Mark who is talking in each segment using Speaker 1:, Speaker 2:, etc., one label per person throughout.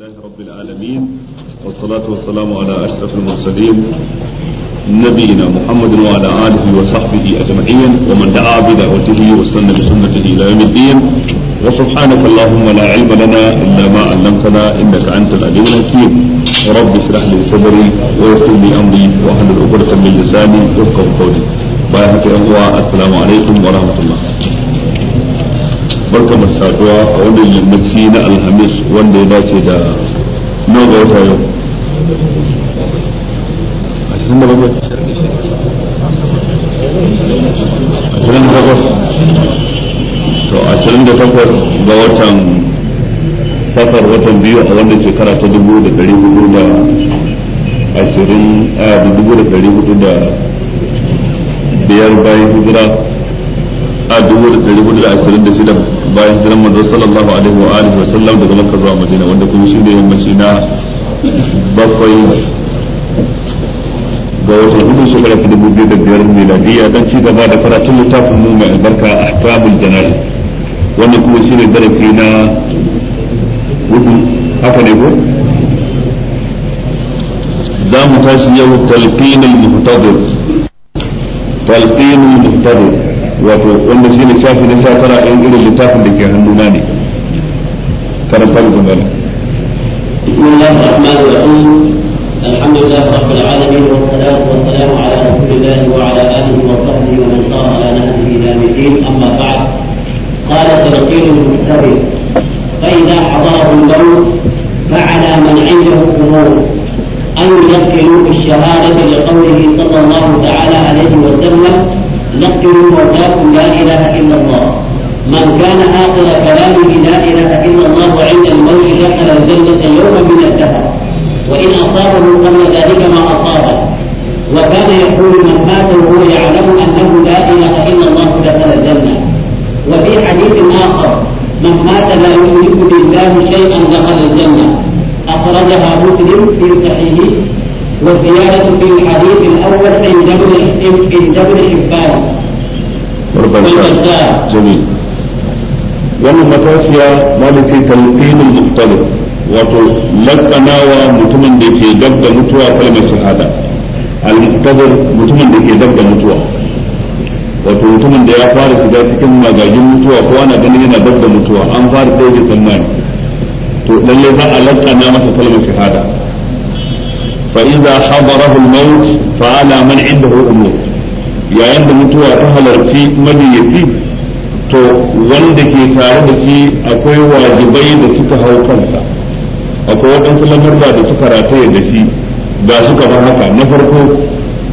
Speaker 1: لله رب العالمين والصلاة والسلام على أشرف المرسلين نبينا محمد وعلى آله وصحبه أجمعين ومن دعا بدعوته واستنى بسنته إلى يوم الدين وسبحانك اللهم لا علم لنا إلا ما علمتنا إنك أنت العليم الحكيم رب اشرح لي صدري ويسر لي أمري وأحلل عقدة من لساني يفقهوا قولي بارك الله السلام عليكم ورحمة الله barka mu saduwa a wannan yammaci na alhamis wanda ya dace da nawa ga wata yau ashirin da ashirin da takwas to ashirin da takwas ga watan safar watan biyu a wannan shekara ta dubu da dari hudu da ashirin a dubu da dari hudu da biyar bayan hijira a dubu da dari hudu da ashirin da shida bayan jiran manzo sallallahu alaihi wa alihi wa sallam daga makka zuwa madina wanda kuma shi ne yammaci na bakwai ga watan hudu shekara ta dubu biyu da biyar miladiyya don ci gaba da karatun littafin mu mai albarka a tabul janari wanda kuma shi ne darasi na hudu haka ne ko za mu tashi yau talqinul muhtadir talqinul muhtadir wato wanda shi ne shafi na sha tara ɗin irin littafin da ke hannuna ne karanta da gaba
Speaker 2: بسم الله الرحمن الرحيم الحمد لله رب العالمين والصلاة والسلام على رسول الله وعلى آله وصحبه ومن صار على نهجه إلى الدين أما بعد قال ترقيل المستبد فإذا حضره الموت فعلى من عنده أمور أن يدخلوا بالشهادة لقوله صلى الله تعالى عليه وسلم نقتل موتاكم لا اله الا الله من كان اخر كلامه لا اله الا الله عند الموت دخل الجنه يوما من الدهر وان اصابه قبل ذلك ما اصابه وكان يقول من مات وهو يعلم انه لا اله الا الله دخل الجنه وفي حديث اخر من مات لا يملك بالله شيئا دخل الجنه اخرجها مسلم في صحيحه والزيادة في الحديث الأول عند ابن عند ابن حبان والبزار
Speaker 1: جميل wannan matafiya malin sai talqinin mukhtalif wato lakanawa mutumin da ke dab da mutuwa kalmar shahada al-muqtadir mutumin da ke dab da mutuwa wato mutumin da ya fara shiga cikin magagin mutuwa ko ana ganin yana dab da mutuwa an fara sai da tsammani to lalle za a lakana masa kalmar shahada فإذا حضره الموت فعلى من yayin da mutuwa ta halarci تهلر في مديتي to wanda ke tare da shi akwai wajibai da suka hau kansa akwai waɗansu lamarda da suka rataye da shi ba su kamar haka na farko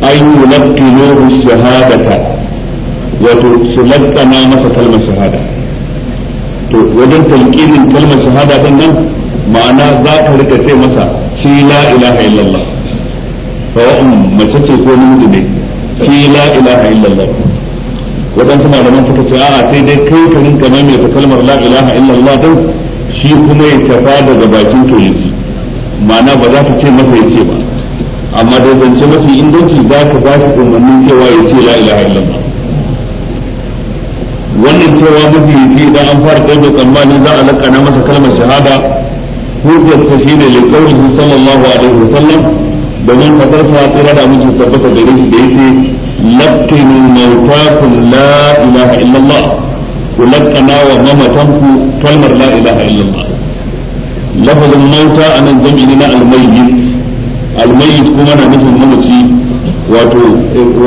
Speaker 1: an yi laƙinohu shahadata wato su laƙana masa kalmar shahada to wajen talƙinin kalmar shahada ɗin nan ma'ana za ka rika ce masa fi la ilaha illallah sawa'un mace ce ko namiji ne fi la ilaha illallah waɗansu malaman suka ce a'a sai dai kai ka rinka mai ta kalmar la ilaha illallah din shi kuma ya tafa daga bakin ka yanzu ma'ana ba za ka ce masa ya ce ba amma dai zance mafi inganci za ka ba shi umarnin cewa ya ce la ilaha illallah wannan cewa mafi yi da an fara ɗaukar tsammanin za a lakana masa kalmar shahada hujjar ta shine liqaulihi sallallahu alaihi wasallam domin fadar sa tsira da mutum tabbata da shi da yake lakkinu mawtakum la ilaha illallah ku lakkana wa mamatanku kalmar la ilaha illallah lafazin mauta nan zan ina almayyit almayyit kuma na nufin mamaci wato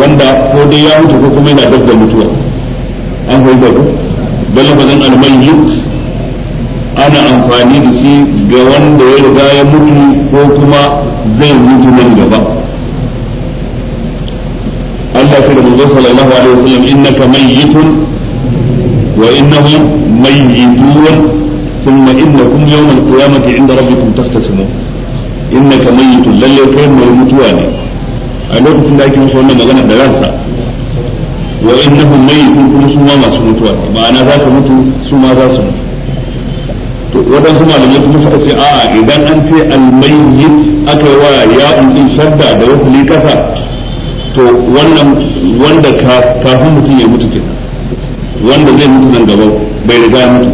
Speaker 1: wanda ko dai ya mutu ko kuma yana dab da mutuwa an fahimta ko dan lafazin almayyit ana amfani da shi ga wanda ya riga ya mutu ko kuma zai mutu nan gaba Allah ta da manzo sallallahu alaihi wasallam innaka mayyitun wa innahum mayyitun thumma innakum yawm al-qiyamati 'inda rabbikum tahtasimun innaka mayyitun lalle kai mai mutuwa ne a lokacin da ake musu wannan magana da ransa wa innahum mayyitun kuma su ma masu mutuwa ma'ana za ka mutu su ma za su mutu waɗansu malamai kuma suka ce a'a idan an ce almayyit aka yi wa ya din shadda da ni kasa to wannan wanda kafin mutum ya mutu kenan wanda zai mutu nan gaba bai riga ya mutu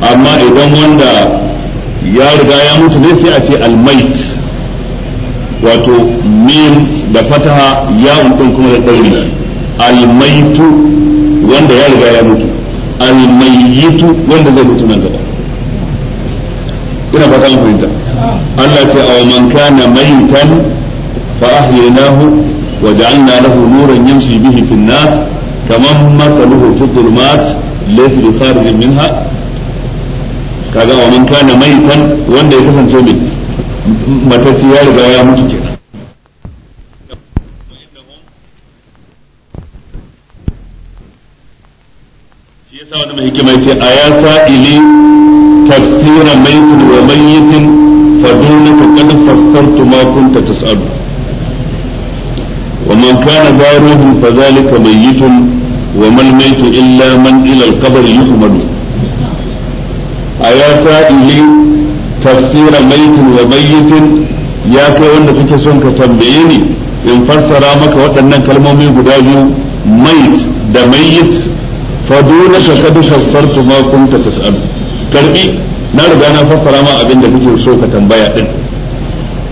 Speaker 1: amma idan wanda ya riga ya mutu ne sai a ce almait wato min da fataha ya din kuma da ɗari almaitu wanda ya riga ya mutu almayyitu wanda zai mutu nan gaba ina ba ta fahimta Allah ce aw man kana fa ahyaynahu wa ja'alna lahu nuran yamshi bihi fi an-nas kaman mathaluhu fi dhulumat laysa bi kharijin minha kaga wa man kana wanda ya kasance mai matacci ya ya mutu kenan mai hikima yace aya sa'ili tafsira wa fa fassartu ma kunta tas'alu wa man kana daruhu fa zalika wa illa man ila al-qabr aya sa'ili tafsira wa ya kai wanda kake son ka tambaye ni in fassara maka waɗannan kalmomi guda biyu mait da mayit fa dunaka kad fasartu ma kunta tas'alu karbi na riga na fassara ma abin da kake so ka tambaya din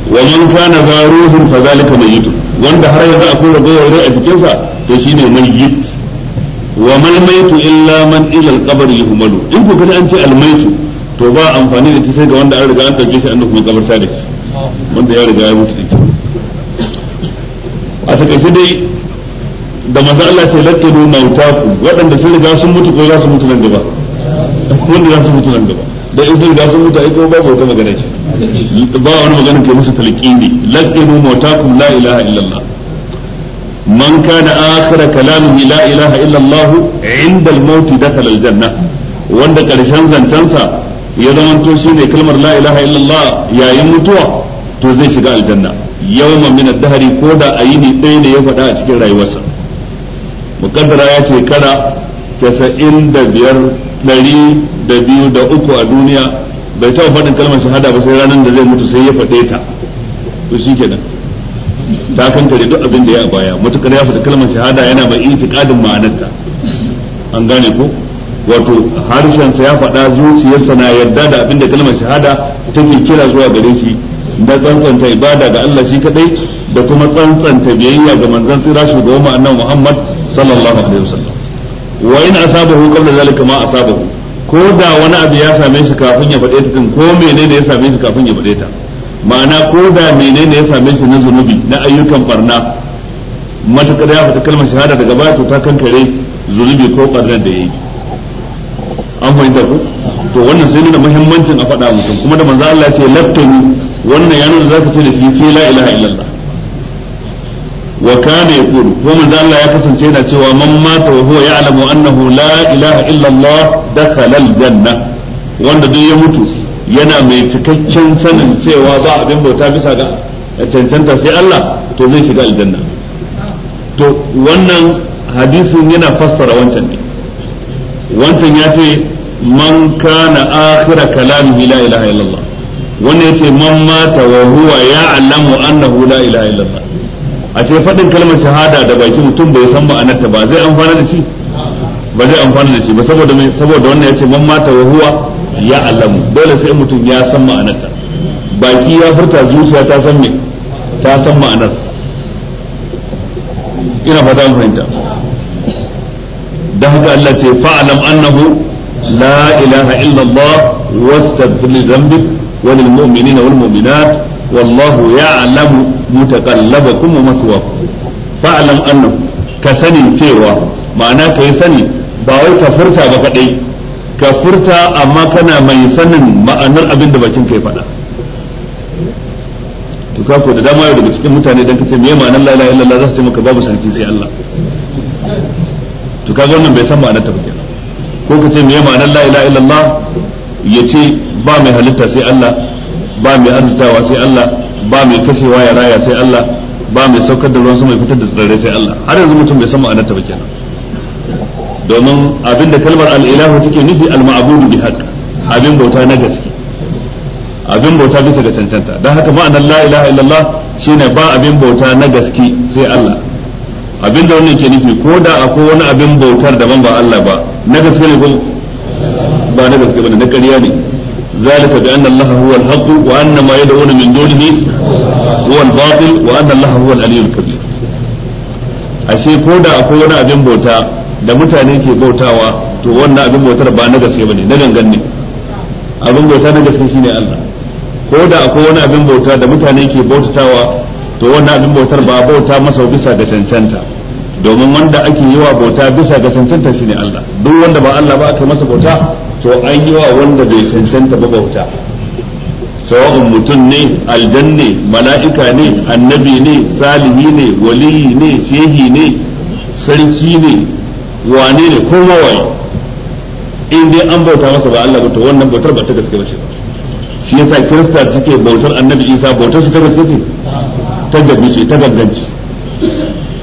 Speaker 1: wa man kana za ruhun fa zalika mayyit wanda har yanzu akwai ragowar rai a cikin sa to mai mayyit wa mal maytu illa man ila al qabr yuhmalu in ko kada an ce al to ba amfani da ta sai ga wanda an riga an dauke shi an dauke kabarta da shi wanda ya riga ya mutu a takaice dai da maza Allah ce ta mautaku waɗanda sun riga sun mutu ko za su mutu nan gaba wanda za su mutu nan gaba da in sun riga sun mutu ai ko babu wata magana ce ba wani magana ke musu talqini laqidu mautaku la ilaha illallah man kana akhir kalamihi la ilaha illallah inda al-maut dakhala al-janna wanda karshen zancansa ya to shine kalmar la ilaha illallah yayin mutuwa to zai shiga aljanna yawma min ad-dahri ko da ayini ɗaya ne ya faɗa a cikin rayuwarsa mukaddara ya ce kada casa'in da biyar ɗari da biyu da uku a duniya bai taɓa faɗin kalmar shahada ba sai ranar da zai mutu sai ya faɗe ta to shi kenan ta kankare duk abin da ya baya mutukar ya faɗi kalmar shahada yana mai itikadin ma'anarta an gane ko wato harshensa ya faɗa zuciyarsa na yarda da abin da kalmar shahada take kira zuwa gare shi na tsantsanta ibada ga Allah shi kadai da kuma tsantsanta biyayya ga manzon tsira shugaban mu annabi Muhammad صلى الله عليه wa in asabahu قبل ذلك ما asabahu ko da wani abu ya same shi kafin ya faɗe ta din ko menene ya same shi kafin ya faɗe ta ma'ana ko da menene ya same shi na zunubi na ayyukan barna matakar ya fita kalmar shahada daga baya to ta kankare zunubi ko barnar da yayi an fahimta ko to wannan sai nuna muhimmancin a faɗa mutum kuma da manzo Allah ya ce laftani wannan ya nuna zaka ce da shi ke la ilaha illallah wa kana yaqulu ko manzo Allah ya kasance yana cewa man mata wa huwa ya'lamu annahu la ilaha illa Allah dakhala al-janna wanda duk ya mutu yana mai cikakken sanin cewa ba abin bauta bisa ga cancanta sai Allah to zai shiga aljanna to wannan hadisin yana fassara wancan ne wancan ya ce man kana akhira kalamihi la ilaha illa allah wannan yace man mata wa huwa ya'lamu annahu la ilaha illa allah. a ce faɗin kalmar shahada da baki mutum bai san ma'anarta ba zai amfana da shi ba zai amfana da shi ba saboda mai saboda wannan yace man mata wa huwa ya alamu dole sai mutum ya san ma'anarta baki ya furta zuciya ta san me ta san ma'anar ina fata mun fahimta dan haka Allah ce fa'alam annahu la ilaha illa Allah wastaghfir li dhanbik wa lil mu'minina wal mu'minat wallahu ya'lamu mutaqallabakum wa maswaakum fa'lam annahu ka sani cewa ma'ana ka sani ba wai ka furta ba kadai ka furta amma kana mai sanin ma'anar abin da bakin kai faɗa to ka ko da dama yau daga cikin mutane dan kace me ma'anar la ilaha illallah za su ce maka babu sarki sai Allah to ka wannan bai san ma'anar ta ba ko ka ce me ma'anar la ilaha illallah yace ba mai halitta sai Allah ba mai arzutawa sai Allah ba mai kashewa ya raya sai Allah ba mai saukar da ruwan sama ya fitar da tsirrai sai Allah har yanzu mutum bai san ta ba kenan domin abinda kalmar al'ilahu take nufi al-ma'budu bi haqq abin bauta na gaske abin bauta bisa ga cancanta dan haka ma'anar la ilaha illallah shine ba abin bauta na gaske sai Allah abin da wannan ke nufi ko da akwai wani abin bautar daban ba Allah ba na gaske ne ko ba na gaske ba na ƙarya ne ذلك بأن الله هو الحق وأن ما يدعون من دونه هو الباطل وأن الله هو العلي الكبير ashe ko da akwai wani abin bauta da mutane ke bautawa to wannan abin bautar ba na gaske bane na gangan ne abin bauta na gaske shine Allah ko da akwai wani abin bauta da mutane ke bautatawa to wannan abin bautar ba bauta masa bisa ga cancanta domin wanda ake yi wa bauta bisa ga cancanta shine Allah duk wanda ba Allah ba aka masa bauta to an yi wa wanda bai cancanta ba bauta sawa'un mutum ne aljan ne mala'ika ne annabi ne salihi ne waliyi ne shehi ne sarki ne wane ne ko wawaye in dai an bauta masa ba Allah ba to wannan bautar ba ta gaske ba ce ba shi yasa kirista suke bautar annabi isa bautar su ta gaske ce ta jabi ce ta ganganci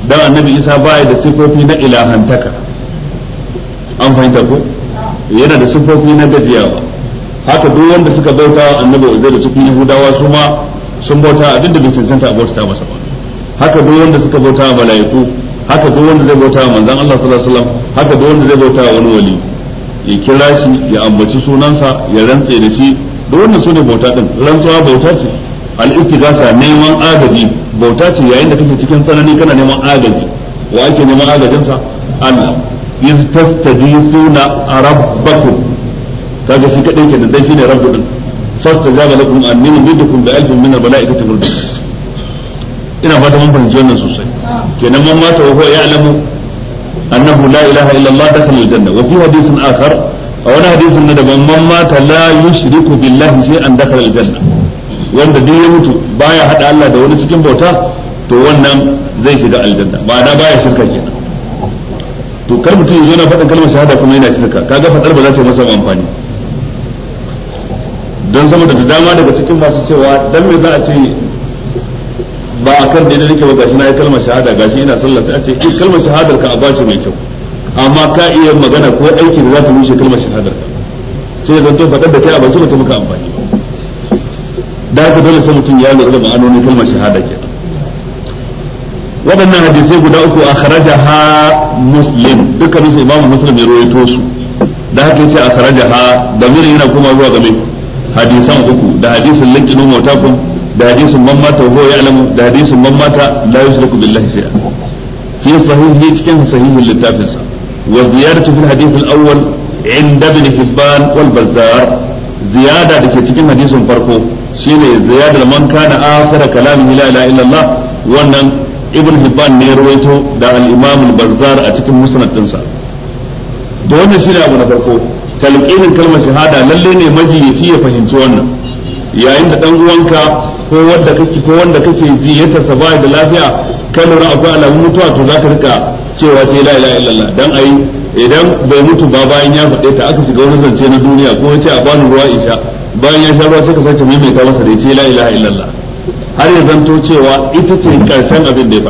Speaker 1: don annabi isa baya da sifofi na ilahantaka an fahimta ko yana da sufofi na gajiyawa haka duk wanda suka bauta wa annabi da cikin yahudawa su ma sun bauta da bai cancanta a bauta masa ba haka duk wanda suka bauta wa mala'iku haka duk wanda zai bauta wa manzon Allah sallallahu alaihi wasallam haka duk wanda zai bauta wa wani wali ya kira shi ya ambaci sunansa ya rantse da shi duk wannan sune bauta din rantsuwa bauta ce al-istighasa neman agaji bauta ce yayin da kake cikin tsanani kana neman agaji wa ake neman agajinsa Allah iz tastajisuna rabbakum kaga shi kadai kenan dai shine rabbu din zaga lakum anni numidukum bi alfin min almalaikati murdi ina fata mun fahimci wannan sosai kenan man mata wa huwa ya'lamu annahu la ilaha illa Allah dakhala aljanna wa fi hadithin akhar a wani hadisin na daban ma ta la yushriku billahi shay'an dakhala aljanna wanda duk ya mutu baya hada Allah da wani cikin bauta to wannan zai shiga aljanna ba da baya shirka ke to kar mutum ya zo na faɗin kalmar shahada kuma yana shirka kaga faɗar ba za ta yi masa amfani don saboda da dama daga cikin masu cewa dan me za a ce ba a kan daidai nake ba gashi na yi kalmar shahada gashi ina sallah sai a ce ki eh, kalmar shahadar ka a bace mai kyau amma ka iya magana ko aiki da za ta rushe kalmar shahadar ka sai zan to faɗar da kai a ba su ba ta muka amfani da haka dole sai mutum ya lura da ma'anonin kalmar shahada kenan waɗannan hadisai guda uku a kharaja ha muslim dukkanin su imamu muslim ya rawaito su da haka yace a kharaja ha da miri yana kuma zuwa gabe hadisan uku da hadisin laqinu mutakum da hadisin man mata huwa ya'lamu da hadisin man mata la yushriku billahi shay'a fi sahihi cikin sahihin littafin sa wa ziyaratu fil hadith al awwal inda ibn hibban wal bazzar ziyada dake cikin hadisin farko shine ziyadar man kana akhira kalamihi la ilaha illallah wannan ibn hibban ne ya rawaito da al-imam al-bazzar a cikin musnad dinsa da wannan shine abu na farko talqinin kalmar shahada lalle ne majiyaci ya fahimci wannan yayin da dan uwanka ko wanda kake ko wanda kake ji ya tasaba da lafiya kan lura akwai alamun mutuwa to zaka rika cewa sai la ilaha illallah dan ayi idan bai mutu ba bayan ya faɗe ta aka shiga wani zance na duniya ko ya ce a bani ruwa isha bayan ya sha ruwa sai ka sake maimaita masa da ya ce la ilaha illallah har ya zanto cewa ita ce karshen abin da ya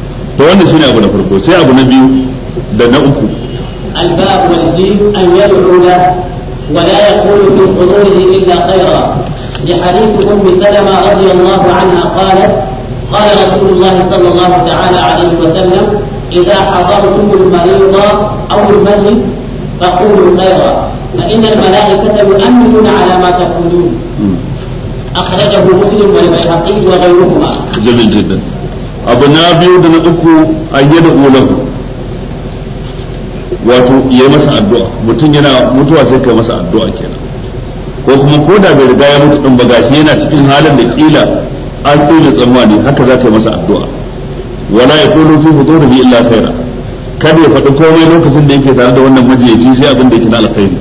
Speaker 1: faɗa to wannan shine abu na farko sai abu na biyu da na uku
Speaker 2: الباب والجيم أن يدعو له ولا يقول في حضوره إلا خيرا لحديث أم سلمة رضي الله عنها قالت قال رسول الله صلى الله تعالى عليه وسلم إذا حضرتم المريض أو المريض فقولوا خيرا فإن الملائكة يؤمنون على ما تقولون أخرجه مسلم والبيهقي وغيرهما جميل جدا abu na biyu da na uku wato ya masa
Speaker 1: addu'a mutum yana mutuwa sai kai masa addu'a kenan ko kuma ko da bai riga ya mutu din ba gashi yana cikin halin da kila an tsira tsammani haka za ka masa addu'a wala ya kullu fi hudurihi illa khaira kada ya faɗi komai lokacin da yake tare da wannan majiyaci sai abin da yake na alkhairi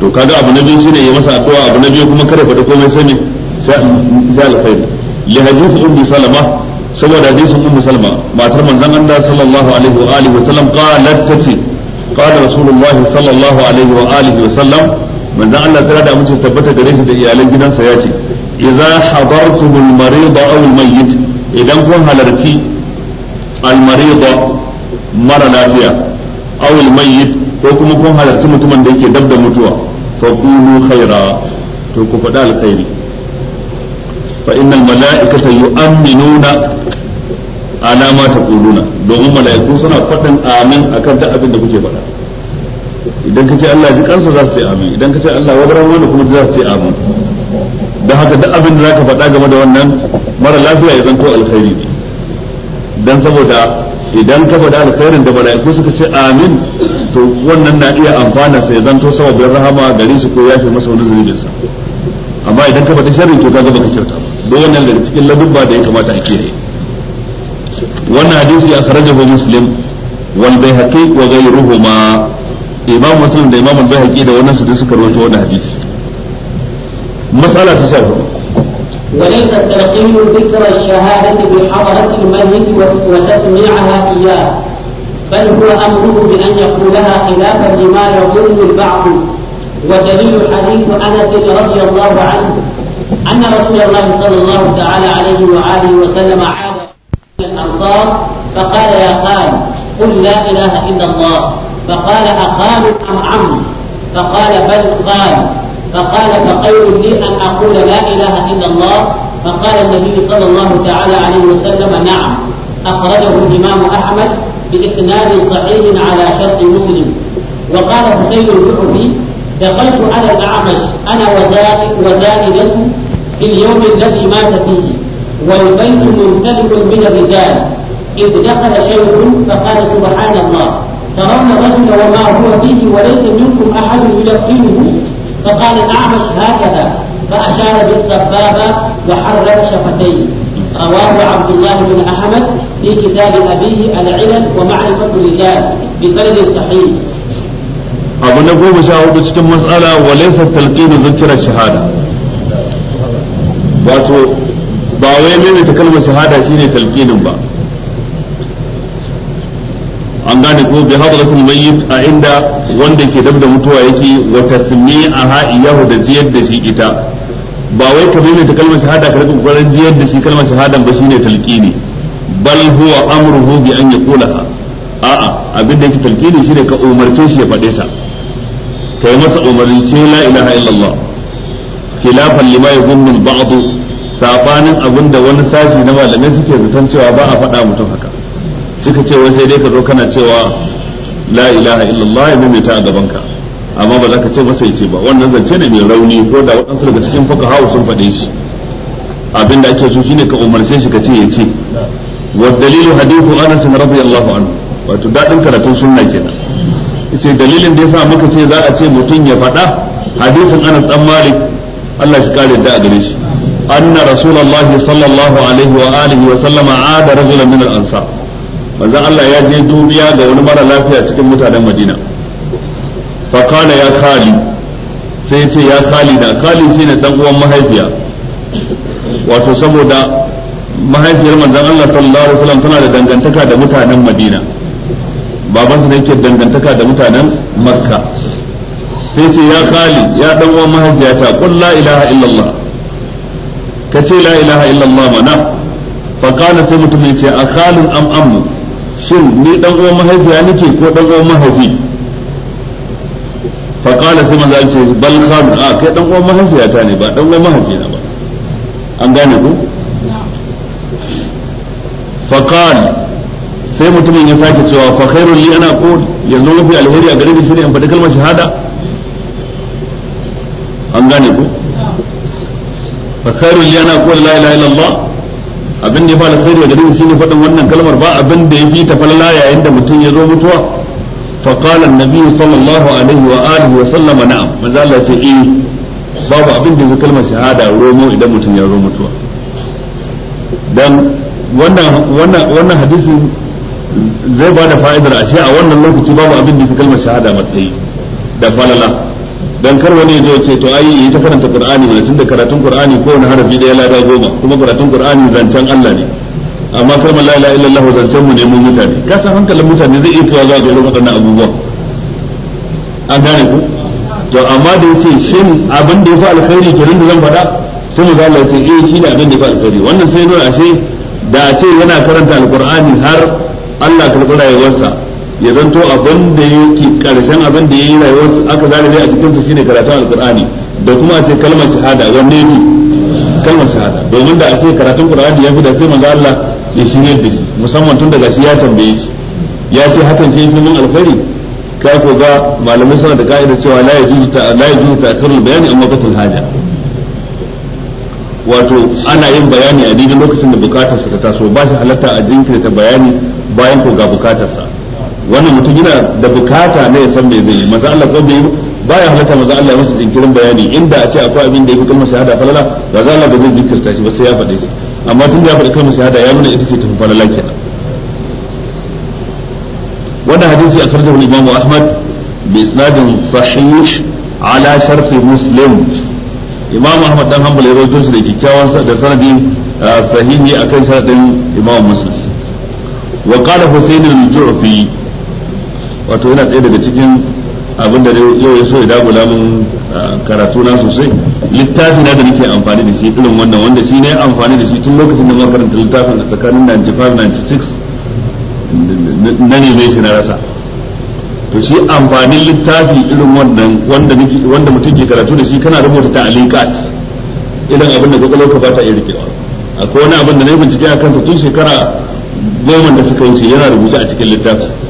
Speaker 1: to kaga abu na biyu shine ya masa addu'a abu na biyu kuma kada faɗi komai sai ne sai alkhairi li hadith ummi salama saboda hadisin ummi salama matar manzon Allah sallallahu alaihi wa alihi wa sallam qalat tati qala rasulullahi sallallahu alaihi wa alihi wa sallam manzon Allah tana da amince tabbata gare shi da iyalan gidansa ya ce idza hadartumul marida aw al mayyit idan kun halarci al marida mara lafiya aw al mayyit ko kuma kun halarci mutumin da yake dab da mutuwa fa qulu khaira to ku faɗa alkhairi fa innal mala'ikata yu'minuna ala ma taquluna domin mala'iku suna faɗin amin akan duk abin da kuke faɗa idan kace Allah ji kansa za su ce amin idan kace Allah wadaran wani kuma za su ce amin dan haka duk abin da zaka faɗa game da wannan mara lafiya ya zanto alkhairi ne dan saboda idan ka faɗa alkhairin da mala'iku suka ce amin to wannan na iya amfana sai zanto sababin rahama gare shi ko yafe masa wani zunubin sa amma idan ka faɗi sharri to kaga baka kyauta ba wannan daga cikin ladubba da ya kamata a kiyaye wannan hadisi a kharajahu muslim wal bayhaqi wa ghayruhuma imam muslim da imam al-bayhaqi da wannan su suka rawaito wannan hadisi mas'ala ta shafi
Speaker 2: وليس التلقين ذكر الشهادة بحضرة الميت وتسميعها إياه بل هو أمره بأن يقولها خلافا لما يظن البعض ودليل حديث أنس رضي الله عنه أن رسول الله صلى الله تعالى عليه وآله وسلم عاد إلى الأنصار فقال يا خال قل لا إله إلا الله فقال أخال أم عم فقال بل خال فقال فخير لي أن أقول لا إله إلا الله فقال النبي صلى الله تعالى عليه وسلم نعم أخرجه الإمام أحمد بإسناد صحيح على شرط مسلم وقال حسين الجعفي دخلت على الأعمش أنا وزائدة في اليوم الذي مات فيه والبيت ممتلئ من الرجال إذ دخل شيخ فقال سبحان الله ترون الرجل وما هو فيه وليس منكم أحد يلقنه فقال الأعمش هكذا فأشار بالسبابة وحرر شفتيه رواه عبد الله بن أحمد في كتاب أبيه العلم ومعرفة الرجال بسند صحيح
Speaker 1: أبو نبو مشاهد كم مسألة وليس التلقين ذكر الشهادة باتوا باوي من يتكلم الشهادة شيني تلقين بقى an gane ko bi hadratul mayyit a inda wanda ke dab da mutuwa yake wa tasmi'aha iyahu da jiyar da shi ita ba wai ka ta kalmar shahada ka rubuta ran jiyar da shi kalmar shahadan ba shine talqini bal huwa amruhu bi an yaqulaha a'a abin da yake talqini shine ka umarce shi ya fade ta kai masa umarni ce la ilaha illallah khilafan lima yuzunnu al-ba'd sabanin abinda wani sashi na malamai suke zaton cewa ba a faɗa mutum haka suka ce wai sai dai ka zo kana cewa la ilaha illallah ya mimita a gaban ka amma ba za ka ce masa yace ba wannan zance ne mai rauni ko da waɗansu daga cikin hawa sun faɗe shi abin da ake so shine ka umarce shi ka ce yace wa dalilu hadithu Anas Allahu anhu wato dadin karatun sunna kenan yace dalilin da yasa muka ce za a ce mutum ya faɗa hadisin Anas dan Malik Allah shi kare da a gare shi anna rasulullahi sallallahu alaihi wa alihi wa sallama ada rajulan min al-ansar manzon Allah ya je dubiya ga wani mara lafiya cikin mutanen Madina fa kana ya kali sai ya ce ya kali da khali shine dan uwan mahaifiya wato saboda mahaifiyar manzon Allah sallallahu alaihi wasallam tana da dangantaka da mutanen Madina su ne yake dangantaka da mutanen Makka sai ce ya kali ya dan uwan mahaifiya ta la ilaha illallah kace la ilaha illallah mana fa kana sai mutum ya ce a kalin am ammu shin ni dan uwan mahaifiya nake ko dan uwan mahaifi fa qala sai manzo an ce bal khan a kai dan uwan mahaifiya ta ne ba dan uwan mahaifi na ba an gane ko fa qala sai mutumin ya sake cewa fa khairul li ana aqul yanzu mafi alheri a gare ni shine in fada kalmar shahada an gane ko fa khairul li ana aqul la ilaha illallah abin da ya fa alkhairi ga dinin shine faɗin wannan kalmar ba abin da yafi ta falala yayin da mutum ya zo mutuwa fa qala an sallallahu alaihi wa alihi wa sallama na'am manzo Allah ce eh babu abin da yafi kalmar shahada romo idan mutum ya zo mutuwa dan wannan wannan wannan hadisin zai ba da fa'idar ashe a wannan lokaci babu abin da yafi kalmar shahada matsayi da falala dan kar wani ya ce to ai yi ta karanta qur'ani ne tunda karatun qur'ani ko wani harafi da ya lada goma kuma karatun qur'ani zancen Allah ne amma kalmar la ilaha illallah zancen mu ne mun mutane ka san hankalin mutane zai iya zuwa ga irin waɗannan abubuwa an gane ku to amma da yace shin abin da ya fi alkhairi rin da zan faɗa sai mu zalla ce eh shine abin da ya fa alkhairi wannan sai nuna ashe da a ce yana karanta alqur'ani har Allah ya wasa. ya zanto abin da yake karshen abin da yi rayuwar aka zane dai a cikin su shine karatun alqur'ani da kuma a ce kalmar shahada wanne ne kalmar shahada domin da a ce karatun kur'ani ya fi da sai manzo Allah ya shirye da shi musamman tun daga shi ya tambaye shi ya ce hakan shi fi min alkhairi ka ko ga malamai suna da ka'ida cewa la yajuzu ta la yajuzu ta'khirul bayani amma batul haja wato ana yin bayani a dinin lokacin da bukatarsa ta taso ba shi halatta a jinkirta bayani bayan ko ga bukatarsa wannan mutum yana da bukata ne ya san me zai yi manzo Allah ko bai ya halatta manzo Allah ya masa jinkirin bayani inda a ce akwai abin da yafi kalmar shahada falala ba za Allah ba zai jinkirta shi ba sai ya faɗe shi amma tun da ya faɗi kalmar shahada ya nuna ita ce tafi falala kenan wannan hadisi akhrajahu wani imam Ahmad bi isnadin sahih ala sharh muslim imam ahmad dan hanbal ya rawaito shi da kikkiawan da sanadi ah, sahihi akan sanadin imam muslim وقال حسين الجعفي wato yana ɗaya daga cikin abin da yau ya so ya dagula mun ah, karatu na sosai littafi na da nake amfani da shi irin wannan wanda shi ne amfani da shi tun lokacin da muka karanta littafin a tsakanin 95 96 na neme shi na rasa to shi amfanin littafi irin wannan wanda wanda mutum ke karatu da shi kana rubuta ta'alikat idan abin da kwakwalwar ka bata iya rikewa akwai wani abin da na yi bincike a kansa tun shekara goma da suka wuce yana rubuce a cikin littafin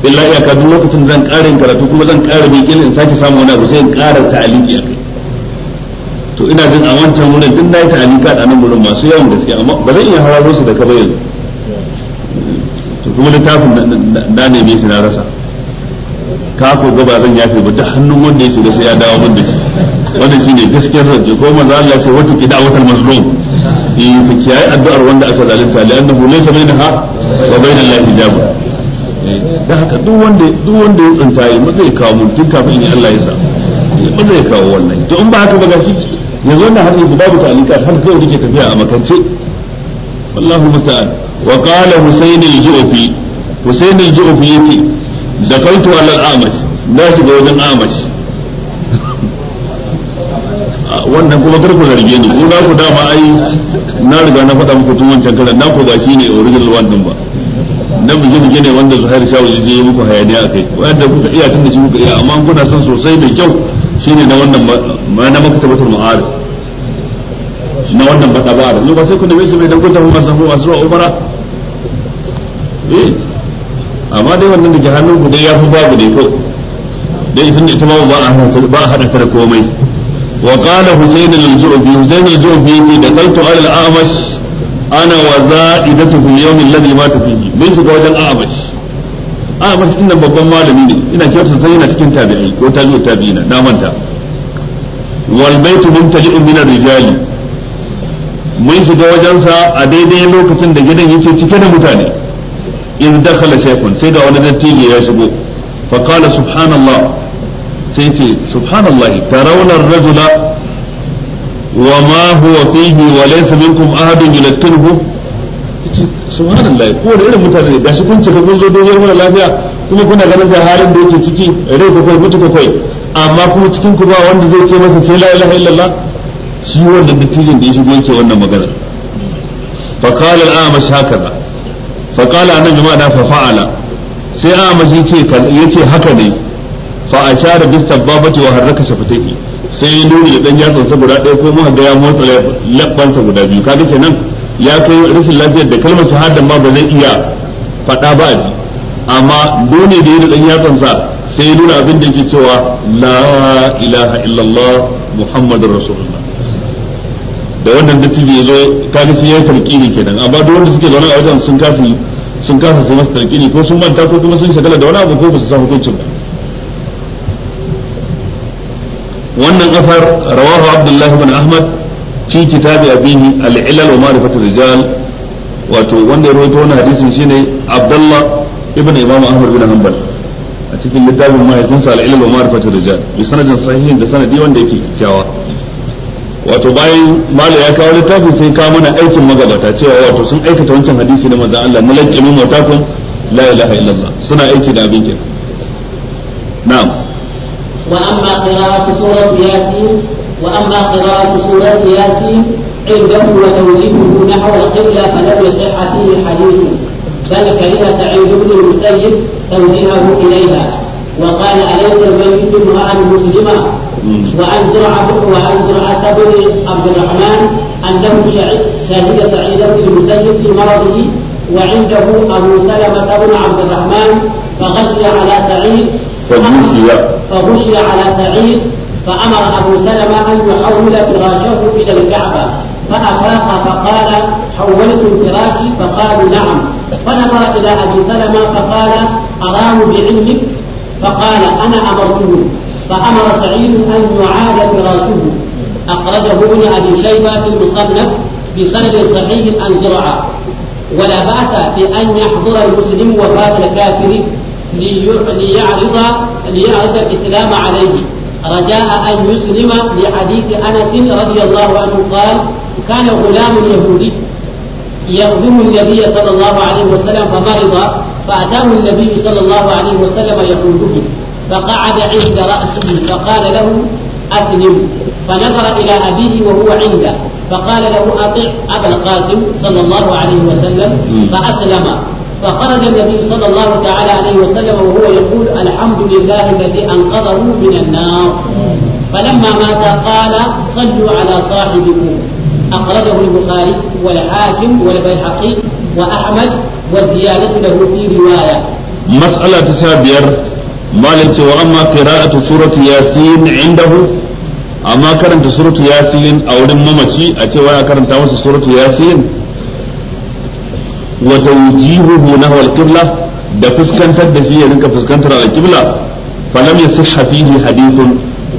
Speaker 1: illa ya duk lokacin zan ƙarin karatu kuma zan ƙara bi ilmi in sake samu wani abu sai in ƙara ta'aliki akai to ina jin a wancan wurin duk nayi ta'alika da nan gurin masu yawan gaske amma ba zan iya hararo su da ka bayyana to kuma littafin da ne me su na rasa ka ko gaba zan yafe ba duk hannun wanda ya shiga sai ya dawo mun da shi wannan shine gaskiyar zance ko manzo Allah ya ce wata kida wata mazlum in eh, ka kiyaye addu'ar wanda aka zalunta li'annahu laysa bainaha wa bainal lahi hijab da haka duk wanda duk wanda ya tsinta ba zai kawo mun tun kafin ya Allah ya sa ba zai kawo wannan to in ba haka ba gashi yanzu wannan har yanzu babu ta'alika har kai yake tafiya a makance wallahu musta'an wa qala husayn al-ju'fi husayn al-ju'fi yace da kaitu alal amash na shiga wajen amash wannan kuma karku zarge ni ko za ku dama ai na riga na faɗa muku tun wancan karan na ku ba ne original one din ba na buge-buge ne wanda zuhair shawo ya je muku hayaniya akai wanda kuka iya tun da shi kuka iya amma kuna son sosai mai kyau shine na wannan ma na maktabatul ma'arif na wannan bada ba ne ba sai kun nemi shi mai dan kun tafi masa ko asra umara eh amma dai wannan da ke hannun ku dai yafi babu dai kawai dai tun ne ita ma ba a ba a hada ta komai wa qala husayn al-ju'fi husayn al-ju'fi yace da qaitu ala al-amash ana wa za'idatu fil yawmi alladhi mata fihi bai su ga wajen a'abash a'abash din babban malami ne ina kyautata sai yana cikin tabi'i ko tabi'u tabi'ina na manta wal baitu mumtali'un min ar-rijali mun shiga wajensa a daidai lokacin da gidan yake cike da mutane in dakala shaykhun sai ga wani dattijo ya shigo fa qala subhanallah sai ce subhanallah tarawna ar-rajula wa ma huwa fihi wa laysa minkum ahadun yulakkinuhu subhanallahi ko da irin mutane ga shi kun cika kun zo don yarmar lafiya kuma kuna ganin da halin da yake ciki rai ku kai mutu ku kai amma kuma cikin ku ba wanda zai ce masa ce la ilaha illallah shi wanda dattijan da ya shigo yake wannan magana fa qala al-amash hakaza fa qala annabi jama'a da fa fa'ala sai amash yace yace haka ne fa ashara bis sababati wa harraka shafatayhi sai ya nuni da dan yatsansa guda ɗaya ko muka ga ya motsa labbansa guda biyu kaga kenan ya kai rashin lafiyar da kalmar shahada ma ba zai iya faɗa ba a ji amma dole da yi ɗan ya yatsansa sai ya nuna abin da yake cewa la ilaha illallah muhammadur rasulullah da wannan dattijo ya zo kaga sai ya ne kenan amma duk wanda suke zaune a wajen sun kafi sun kafa sai masa tarkini ko sun manta ko kuma sun shagala da wani abu ko ba su san hukuncin ba wannan kafar rawahu abdullahi bin ahmad fi kitabi abihi al-ilal wa ma'rifat rijal wato wanda ya rawaito wannan hadisi shine abdullah ibn imam ahmad bin hanbal a cikin littafin mahaifinsa al-ilal wa ma'rifat rijal bi sanadin sahihin da sanadi wanda yake kyakkyawa wato bayan mala ya kawo littafin sai kawo mana aikin magabata cewa wato sun aikata wancan hadisi na manzon Allah malakinu mutakum la ilaha illallah suna aiki da abin kenan
Speaker 2: na'am وأما قراءة سورة ياسين وأما قراءة سورة ياسين عنده وتوجيهه نحو القبلة فلم يصح فيه حديث بل كلمة سعيد بن المسيب توجيهه إليها وقال أليس الميت امرأة مسلمة وعن زرعة وعن زرعة بن عبد الرحمن أنه شهد سعيد بن المسيب في مرضه وعنده أبو سلمة بن عبد الرحمن فغشي على سعيد فغشي فغشي على سعيد فأمر أبو سلمة أن يحول فراشه إلى الكعبة فأفاق فقال حولت فراشي فقالوا نعم فنظر إلى أبي سلمة فقال أراه بعلمك فقال أنا أمرته فأمر سعيد أن يعاد فراشه أخرجه ابن أبي شيبة في المصنف بسند صحيح عن زرعة ولا بأس في ان يحضر المسلم وفاة الكافر ليعرض ليعرض الإسلام عليه رجاء أن يسلم لحديث أنس رضي الله عنه قال كان غلام يهودي يخدم النبي صلى الله عليه وسلم فمرض فأتاه النبي صلى الله عليه وسلم يقوده فقعد عند رأسه فقال له أسلم فنظر إلى أبيه وهو عنده فقال له أطع أبا القاسم صلى الله عليه وسلم فأسلم فخرج النبي صلى الله تعالى عليه وسلم وهو يقول الحمد لله الذي انقذه من النار فلما مات قال صلوا على صاحبكم اخرجه البخاري والحاكم والبيهقي واحمد والزياده له في روايه
Speaker 1: مساله تسابير مالك واما قراءه سوره ياسين عنده amma karanta suratu yasin a wurin mamaci a cewa ya karanta masa suratu yasin wa tawjihuhu nahwa al-qibla da fuskantar da shi ya rinka fuskantar al-qibla falam yasihha fihi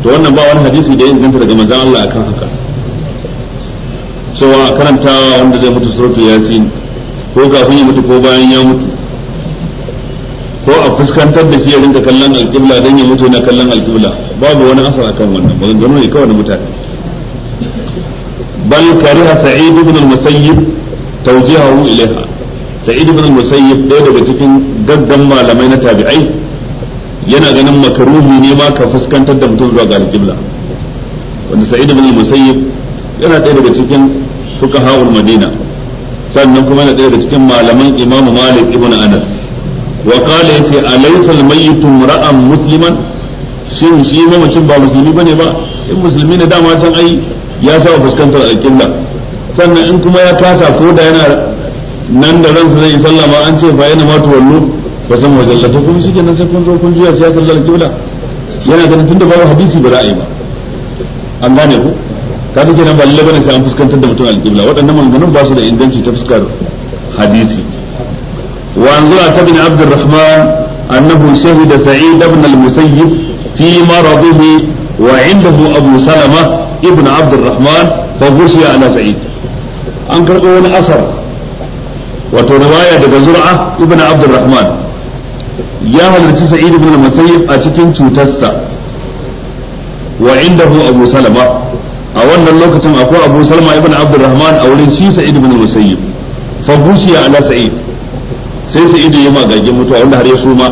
Speaker 1: to wannan ba wani hadisi da ya daga Allah akan haka wanda zai mutu suratul ko ya mutu ko bayan ya mutu a fuskantar da shi ya rinka kallon alƙibla don ya mutu na kallon babu wani asar akan wannan maganganu ne kawai mutane bal kariha sa'id ibn al-musayyib tawjihahu sa'id ibn al-musayyib ɗaya daga cikin gaggan malamai na tabi'ai yana ganin makaruhi ne ma ka fuskantar da mutum zuwa ga al-qibla wanda sa'id ibn al yana ɗaya daga cikin fuqaha'ul madina sannan kuma yana ɗaya daga cikin malaman imam malik ibn anas wa qala yace alaysa al-mayyitu ra'an musliman shin shi mamacin ba musulmi bane ba in musulmi ne dama can ai ya saba fuskantar al sannan in kuma ya kasa ko da yana nan da ransa zai yi sallah ma an ce fa yana ma tuwallu ba san wajallata kun shi kenan sai kun zo kun juya sai kallon kibla yana ganin tunda babu hadisi ba ra'ayi ba an gane ku ka take nan balle bane sai an fuskantar da mutum alƙibla waɗannan maganganun ba su da inganci ta fuskar hadisi wa an zura ta bin abdurrahman annahu shahida sa'id ibn al-musayyib fi maradihi wa indahu abu salama ibn abdurrahman fa ghushiya ana sa'id an karɓo wani asar wato riwaya daga zur'a ibn abdurrahman ya halarci sa'id ibn al-musayyib a cikin cutarsa wa indahu abu salama a wannan lokacin akwai abu salama ibn abdurrahman a wurin shi sa'id ibn al-musayyib fa bushiya ala sa'id sai sa'id ya magagin mutuwa wanda har ya suma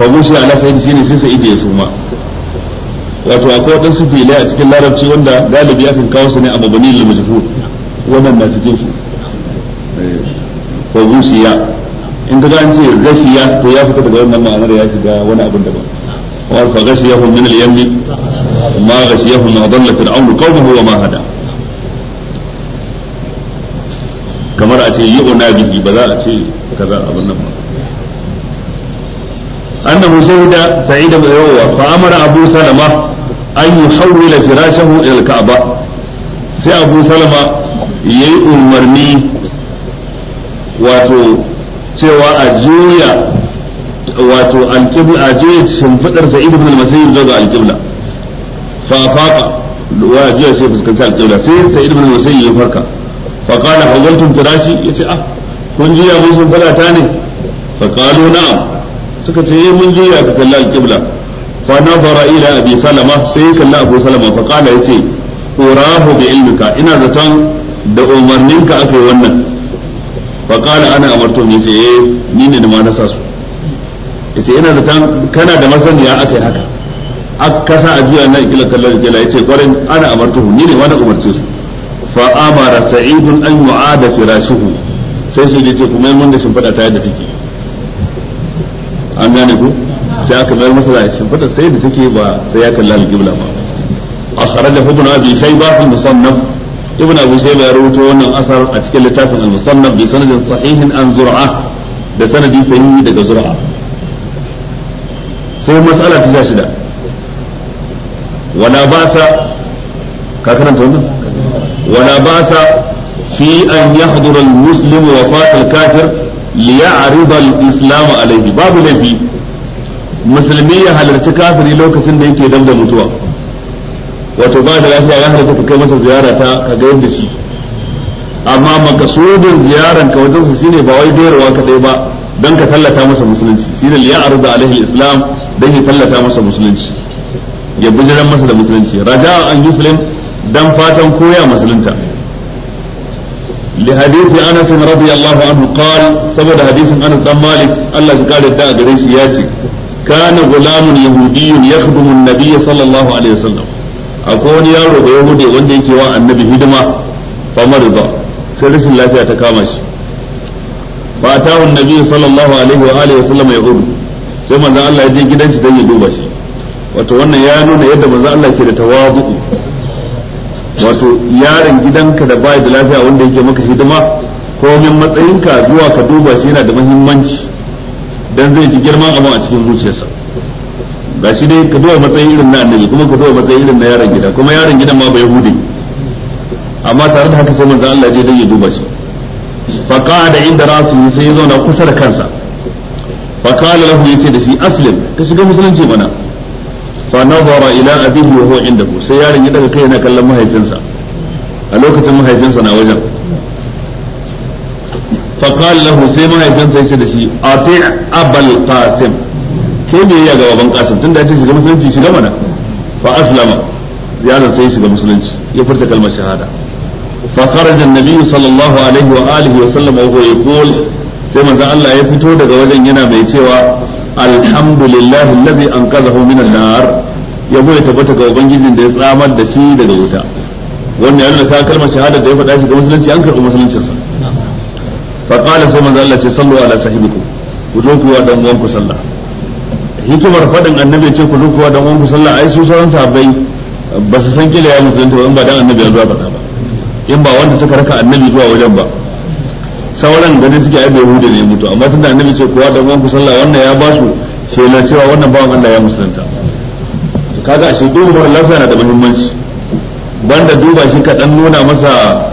Speaker 1: fa bushiya ala sa'id shine sai sa'id ya suma wato akwai wadansu filai a cikin larabci wanda galibi ya kan kawo su ne a mabani lil majhul wannan na cikin su ko zuciya in ka an ce gashiya to ya fita daga wannan ma'anar ya shiga wani abin daban wa fa gashiyahu min al-yammi ma gashiyahu ma dalla fir'aun qawmuhu wa ma hada kamar a ce yi unabihi ba za a ce kaza abin nan ba أنه شهد سعيد بن عروة فأمر أبو سلمة أن يحول فراشه إلى الكعبة sai abu salama ya yi umarni wato cewa a juya wato alƙibla a juya shimfiɗar sa'id ibn al-musayyib zuwa alƙibla fa faqa wa juya sai fuskanta alƙibla sai sai ibn al-musayyib ya farka fa qala hagaltum firashi yace ah kun juya mun shimfiɗa ta ne fa qalu na'am suka ce eh mun juya ka kalla alƙibla fa nazara ila abi salama sai kalla abu salama fa qala yace urahu bi ilmika ina zaton da umarninka aka wannan faƙala ana amartu ni sai eh ni ne ma na sa su yace yana da kana da masaniya yi haka aka kasa a jiya na ikila kallon ikila yace kwarin ana amartu ni ne ma na umarce su fa amara sa'idun an yu'ada firashuhu sai su yace kuma mun da shin fada ta yadda take an gane ku sai aka mai masa da shin fada sai da take ba sai ya kalla al-qibla ba akhrajahu ibn abi shayba fi musannaf ibn abu shayba ya rawaito wannan asar a cikin littafin al-musannaf bi sanadin sahihin an zur'a da sanadi sahihi daga zur'a sai mas'ala ta sha shida wala ba'sa ka karanta wannan wala ba'sa fi an yahdura al-muslim wafat al-kafir liya'rida al-islam babu laifi musulmi ya halarci kafiri lokacin da yake dab da mutuwa wato ba da lafiya ya halatta ka kai masa ziyara ta ka ga yadda shi amma makasudin ziyaran ka wajen su shine ba wai bayarwa kadai ba dan ka tallata masa musulunci shine li ya'rudu alaihi islam dan ya tallata masa musulunci ya bujiran masa da musulunci raja an muslim dan fatan koya musulunta لحديث انس رضي الله عنه قال سبب حديث انس بن مالك الله قال الداء غريش ياتي كان غلام يهودي يخدم النبي صلى الله عليه وسلم akwai wani yaro da ya gode wanda yake wa annabi hidima fa marida sai rashin lafiya ta kama shi fa atahu annabi sallallahu alaihi wa alihi wasallam ya gudu sai manzon Allah ya je gidan shi dan ya duba shi wato wannan ya nuna yadda manzon Allah ke da tawazu wato yaron gidanka da bai da lafiya wanda yake maka hidima ko min matsayinka zuwa ka duba shi yana da muhimmanci dan zai ji girman abu a cikin zuciyarsa ga shi dai ka zuwa matsayin irin na annabi kuma ka zuwa matsayin irin na yaron gida kuma yaron gidan ma bai hude amma tare da haka sai manzo Allah je dan ya duba shi fa qa'ada inda rasu sai ya zauna kusa da kansa fa qala lahu yace da shi aslim ka shiga musulunci mana fa nazara ila abihi wa huwa indahu sai yaron ya daga kai yana kallon mahaifinsa a lokacin mahaifinsa na wajen fa qala lahu sai mahaifinsa yace da shi ati abal qasim sai me ya ga baban kasim tun da ya ce shiga musulunci shiga mana fa aslama ziyarar sai shiga musulunci ya furta kalmar shahada fa kharaja annabi sallallahu alaihi wa alihi wa sallam wa huwa yaqul sai manzo Allah ya fito daga wajen yana mai cewa alhamdulillahi allazi anqadhahu min an-nar ya bude tabbata ga ubangijin da ya tsamar da shi daga wuta wannan yana ta kalmar shahada da ya faɗa shiga musulunci an karɓi musuluncinsa fa qala sai manzo Allah ya ce sallu ala sahibikum ku zo ku wa dan uwanku sallah hikimar faɗin annabi ce ku lufuwa don uwanku sallah ai su sauran sahabbai ba su san kila ya musulunta ba in ba dan annabi ya zuwa ba in ba wanda suka raka annabi zuwa wajen ba sauran gani suke ai bai hude ne mutu amma tunda annabi ce kuwa don uwanku sallah wannan ya ba su na cewa wannan ba wanda ya musulunta kaga ashe duba lafiya na da muhimmanci banda duba shi ka dan nuna masa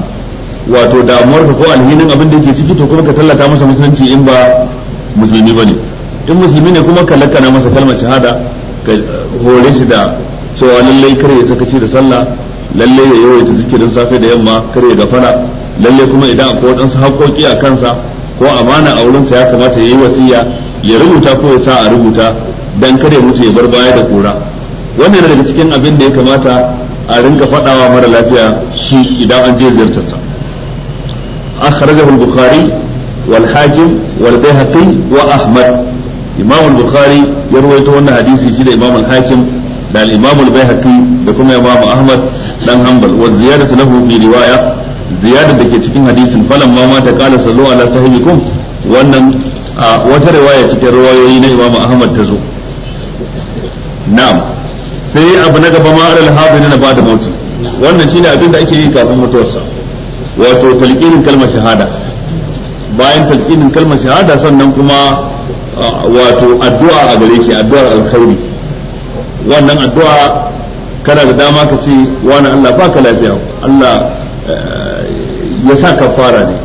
Speaker 1: wato damuwar ko alhinin abin da yake ciki to kuma ka tallata masa musulunci in ba musulmi bane in musulmi ne kuma kallaka na masa kalmar shahada ka hore shi da cewa lallai kar ya sakaci da sallah lallai ya yawaita zikirin safe da yamma kar ya gafara lallai kuma idan akwai waɗansu haƙoƙi a kansa ko amana a wurinsa ya kamata ya yi wasiya ya rubuta ko ya sa a rubuta dan kar ya mutu ya bar baya da kura wannan daga cikin abin da ya kamata a rinka faɗawa mara lafiya shi idan an je ziyartarsa akhrajahu al-bukhari wal hakim wal bayhaqi wa ahmad imam bukhari ya rawaito wannan hadisi shi da imam hakim da al-imam al da kuma imam ahmad dan hanbal wa ziyadatu lahu fi riwaya ziyada da ke cikin hadisin falan ma mata qala sallu ala sahibikum wannan wata riwaya cikin riwayoyi na imam ahmad ta zo sai na gaba na mauti wannan abin da ake yi kafin mutuwarsa wato talqinin kalmar shahada bayan talqinin kalmar shahada sannan kuma wato addu'a a gare shi addu'ar alkhairi wannan addu'a kana da dama ka ce wani Allah baka lafiya Allah eh, ya sa ka fara ne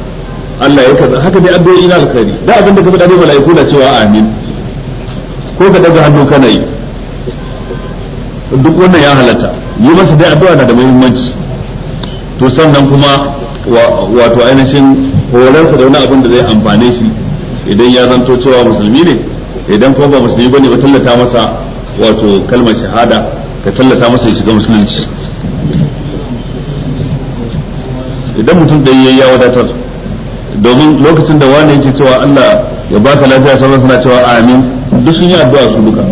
Speaker 1: Allah ya kaza haka dai addu'a ina alkhairi da abin da ka faɗa ne mala'iku na cewa amin ko ka daga hannu kana yi duk wannan ya halatta yi masa dai addu'a na da muhimmanci to sannan kuma wato ainihin horarsa da wani abin da zai amfane shi idan ya zanto cewa musulmi ne idan kuma ba musulmi bane ba tallata masa wato kalmar shahada ka tallata masa ya shiga musulunci idan mutum yayi ya wadatar domin lokacin da wani yake cewa Allah ya baka lafiya sauran suna cewa amin duk sun yi addu'a su duka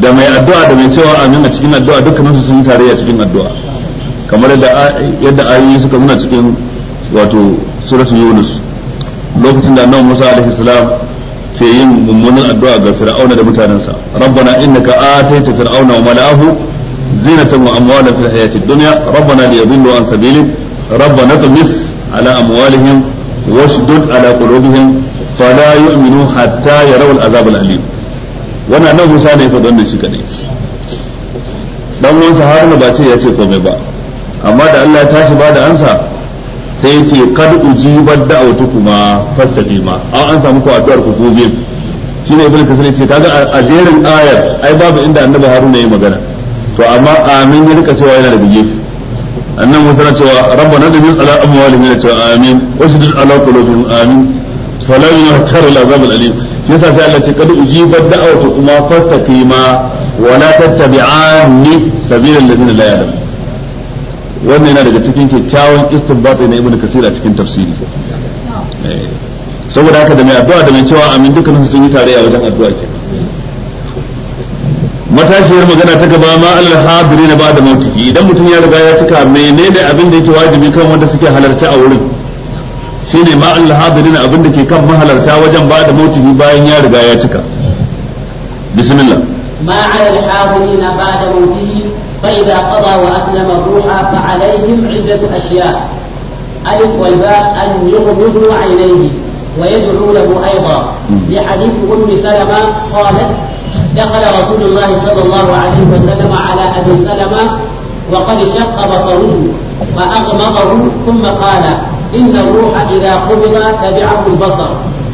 Speaker 1: da mai addu'a da mai cewa amin a cikin addu'a dukkanin su sun tarayya cikin addu'a kamar yadda ayoyi suka nuna cikin wato suratul yunus lokacin da annabi Musa alaihi salam ke yin mummunan addu'a ga fir'auna da mutanensa rabbana innaka ataita fir'auna wa mala'ahu zinatan wa amwalan fil hayati dunya rabbana liyadhillu an sabilik rabbana tumis ala amwalihim washdud ala qulubihim fala yu'minu hatta yarawu al'azab al'alim wannan annabi Musa ne fa don shi kadai dan wansa Haruna ba ce ya ce komai ba amma da Allah ya tashi ba da ansa sai ce kad ujibat da'atukuma fastajima a an samu ku addu'ar ku gobe ne ibnu kasir ce kaga a jerin ayar ai babu inda annabi haruna yayi magana to amma amin ya rika cewa yana da gefe annan musa na cewa rabbana da min ala amwalihim ya cewa amin wasdud ala qulubihim amin fala yuhtar al azab al alim shi yasa sai Allah ce kad ujibat da'atukuma fastaqima wa la tattabi'ani sabila alladhina la ya'lamun wannan yana daga cikin kyakkyawan istinbat na ibnu kasir a cikin tafsiri eh. saboda haka da mai addu'a da mai cewa amin dukkan sun yi tare a wajen addu'a ke matashiyar magana ta gaba ma alal hadiri na ba'da mautiki idan mutum ya riga ya cika menene abin da yake wajibi kan wanda suke halarta a wurin shine ma alal hadiri na abin da ke kan mahalarta wajen ba'da mautiki bayan ya riga ya cika bismillah
Speaker 2: ma alal hadiri na ba'da mautiki فإذا قضى وأسلم الروح فعليهم عدة أشياء ألف والباء أن يغمضوا عينيه ويدعو له أيضا لحديث أم سلمة قالت دخل رسول الله صلى الله عليه وسلم على أبي سلمة وقد شق بصره فأغمضه ثم قال إن الروح إذا قبض تبعه البصر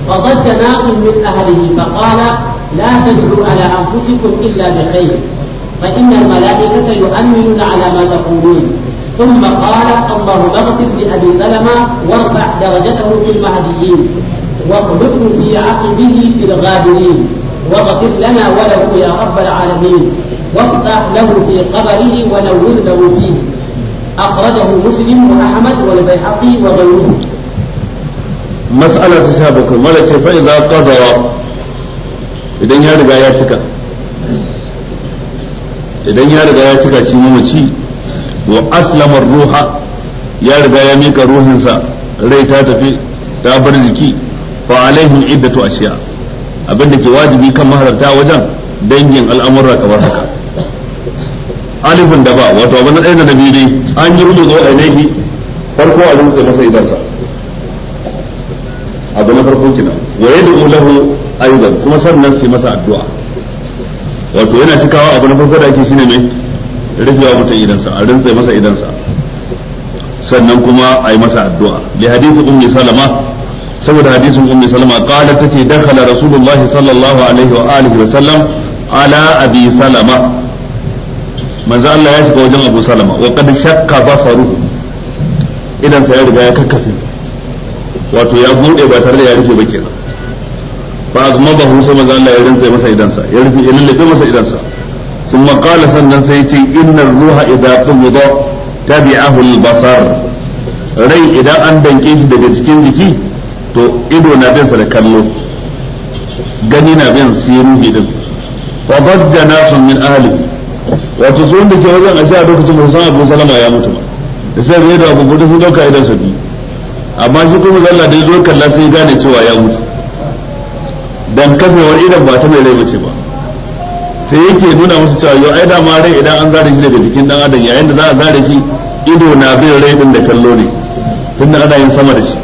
Speaker 2: فضج ناس من أهله فقال لا تدعوا على أنفسكم إلا بخير فإن الملائكة يؤمنون على ما تقولون ثم قال اللهم اغفر لأبي سلمة وارفع درجته في المهديين واخلفه في عقبه في الغابرين واغفر لنا وله يا رب العالمين وافسح له في قبره ونور له فيه أخرجه مسلم وأحمد والبيهقي وغيره
Speaker 1: مسألة تسابكم ولا فإذا قضى إذا يرجع يرتكب idan ya riga ya cika shi mamaci wa aslama ruha ya riga ya mika ruhinsa rai ta tafi ta bar jiki fa alaihim iddatu ashiya abinda ke wajibi kan maharata wajen dangin al'amurra kamar haka alifin da ba wato abin ɗaya na biyu ne an yi rubuta wa ainihi farko a rubuta masa idansa abu na farko kina wa yadda lahu aidan kuma sannan sai masa addu'a wato yana cikawa abu na farko da ake shine mai rufewa mutum idansa a rinsa masa idansa sannan kuma a yi masa addu'a li hadisi ummi salama saboda hadisin ummi salama qala tace dakhala rasulullahi sallallahu alaihi wa alihi wa sallam ala abi salama manzo Allah ya shiga wajen abu salama wa qad shakka basaru idan sa ya riga ya kakkafe wato ya bude ba tare da ya rufe ba kenan fa azmabahu sai manzo Allah ya rinsa masa idansa ya rufe ya lallabe masa idansa ثم san sannan sai ce inna ruha idza qubida tabi'ahu al-basar rai idan an danke shi daga cikin jiki to ido na bin sa da kallo gani na bin sai ruhi din fa bajja nasun min ahli wato sun da ke wajen ashe a lokacin ba san Abu Salama ya mutu da sai da Abu Bakar sun dauka idan sa bi amma shi kuma zalla da zo kalla sai gane cewa ya mutu dan kafewa idan ba ta mai rai bace ba sai yake nuna musu cewa yau ai da ma rai idan an zare shi daga jikin dan adam yayin da za a zare shi ido na bin rai din da kallo ne tun da ana yin sama da shi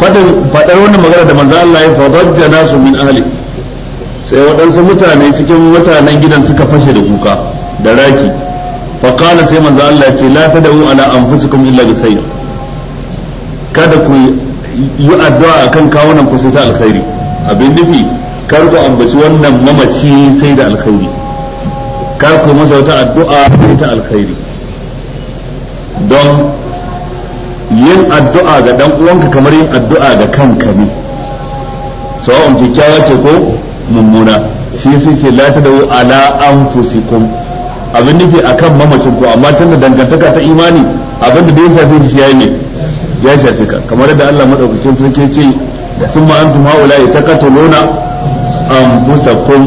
Speaker 1: fadin fadar wannan magana da manzo Allah ya fadajja nasu min ahli sai waɗansu mutane cikin mutanen gidan suka fashe da kuka da raki faqala sai manzo Allah ya ce la tad'u ala anfusikum illa bi khair kada ku yi addu'a akan kawunan ku sai ta alkhairi abin nufi kar ku ambaci wannan mamaci sai da alkhairi kar ku masa wata addu'a sai ta alkhairi don yin addu'a ga dan uwanka kamar yin addu'a ga kanka ne sawa'un kyakkyawa ce ko mummuna shi sai ce la tadawu ala anfusikum abin nufi akan mamacin ko amma tunda dangantaka ta imani abin da ya shafe shi yayi ne ya shafe ka kamar da Allah madaukakin sarki ce thumma antum haula'i taqatuluna anfusakum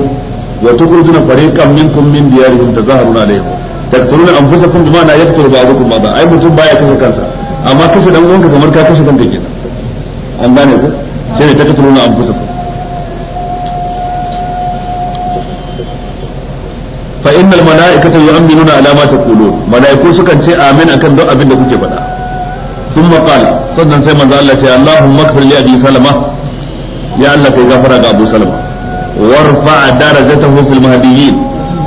Speaker 1: wa tukhrijuna fariqan minkum min diyarihim tazaharuna alayhim taqtuluna anfusakum mutum baya kashe kansa amma kashe dan uwanka kamar ka kashe kanka kenan an gane ku sai ta taqtuluna anfusakum fa innal malaikata yu'minuna ala ma taqulun malaiku sukan ce amin akan duk abin da kuke sannan sai manzo Allah ce Allahumma ighfir li abi salama ya Allah kai gafara ga abu salama warfa darajatahu fil mahdiyyin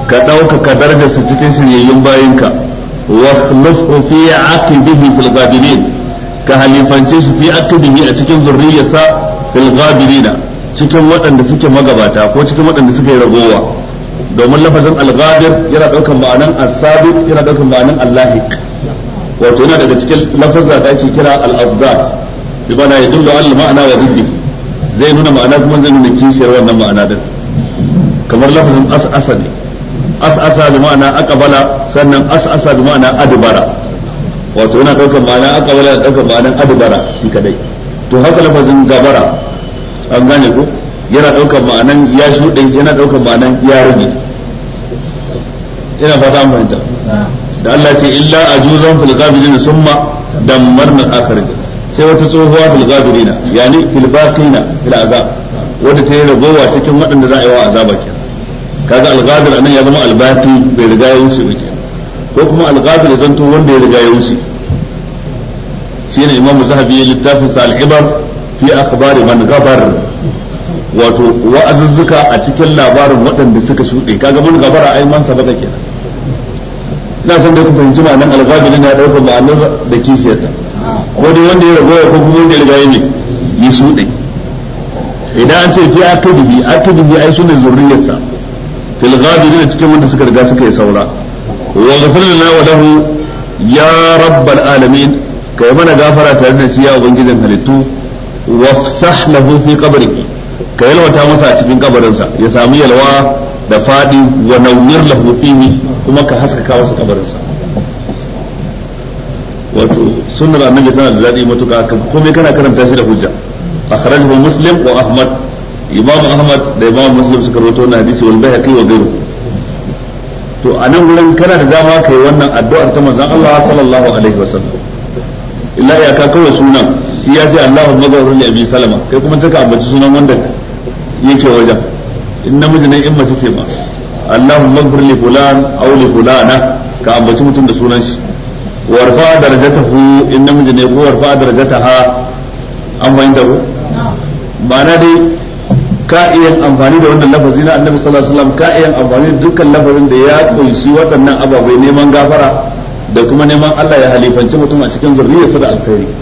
Speaker 1: ka dauka darajarsa cikin shiryayyun bayinka wa khlifhu fi aqibihi fil ghadirin ka halifance shi fi aqibihi a cikin zurriyarsa fil ghadirin cikin waɗanda suke magabata ko cikin waɗanda suke ragowa domin lafazin al-ghadir yana daukan ma'anan as-sabiq yana daukan ma'anan al-lahiq wato yana daga cikin lafazza da ake kira al afdat bi bana yadullu al ma'ana wa ridd zai nuna ma'ana kuma zai nuna kishiyar wannan ma'ana din kamar lafazin as'asa ne as'asa bi ma'ana aqbala sannan as'asa bi ma'ana adbara wato yana daukar ma'ana aqbala da daukar ma'ana adbara shi kadai to haka lafazin gabara an gane ko yana daukar ma'anan ya shuɗe yana daukar ma'anan ya rage ina fata an fahimta da Allah ce illa ajuzan fil ghabirin summa dammarna akhirin sai wata tsohuwa fil ghabirin yani fil baqina fil azab wanda ta yi ragowa cikin waɗanda za a yi wa azaba ke kaga al anan ya zama al-baqi bai riga ya wuce ba ke ko kuma al-ghadir zanto wanda ya riga ya wuce shine imamu zahabi ya littafin sa al-ibar fi akhbari man ghabar wato wa'azuzzuka a cikin labarin waɗanda suka shuɗe kaga mun gabara ai man sabaka kenan na san da ku fahimci ma'anar algabilin na ɗaukar ma'anar da kishiyarta ko dai wanda ya ragoya ko kuma wanda ya riga ne ya shuɗe idan an ce fi akabihi akabihi ai sune zurriyarsa fil ghabirin cikin wanda suka riga suka yi saura wa ghafirna lana wa lahu ya rabbal alamin kai mana gafara tare da shi ya ubangijin halittu wa fasahlahu fi qabrihi ka yalwata masa a cikin kabarinsa ya samu yalwa da fadi wa nawwir lahu fihi kuma ka haskaka wasu kabarinsa wato sunnar annabi tana da dadi matuka komai kana karanta shi da hujja a akhrajahu muslim wa ahmad imam ahmad da imam muslim suka rawaito wannan hadisi wal bayhaqi wa ghayru to a nan gurin kana da dama kai wannan addu'ar ta manzon Allah sallallahu alaihi wasallam illa ya ka kawai sunan shi ya ce Allahumma ghafir li abi salama kai kuma take ambaci sunan wanda yake wajen in namiji ne in mace ce ma Allahumma ighfir li fulan aw li fulana ka ambaci mutum da sunan shi warfa darajatahu in namiji ne ko warfa darajataha an da ko ma'ana dai ka iya amfani da wannan lafazi na annabi sallallahu alaihi wasallam ka iya amfani da dukkan lafazin da ya kunshi waɗannan ababai neman gafara da kuma neman Allah ya halifanci mutum a cikin zuriyarsa da alkhairi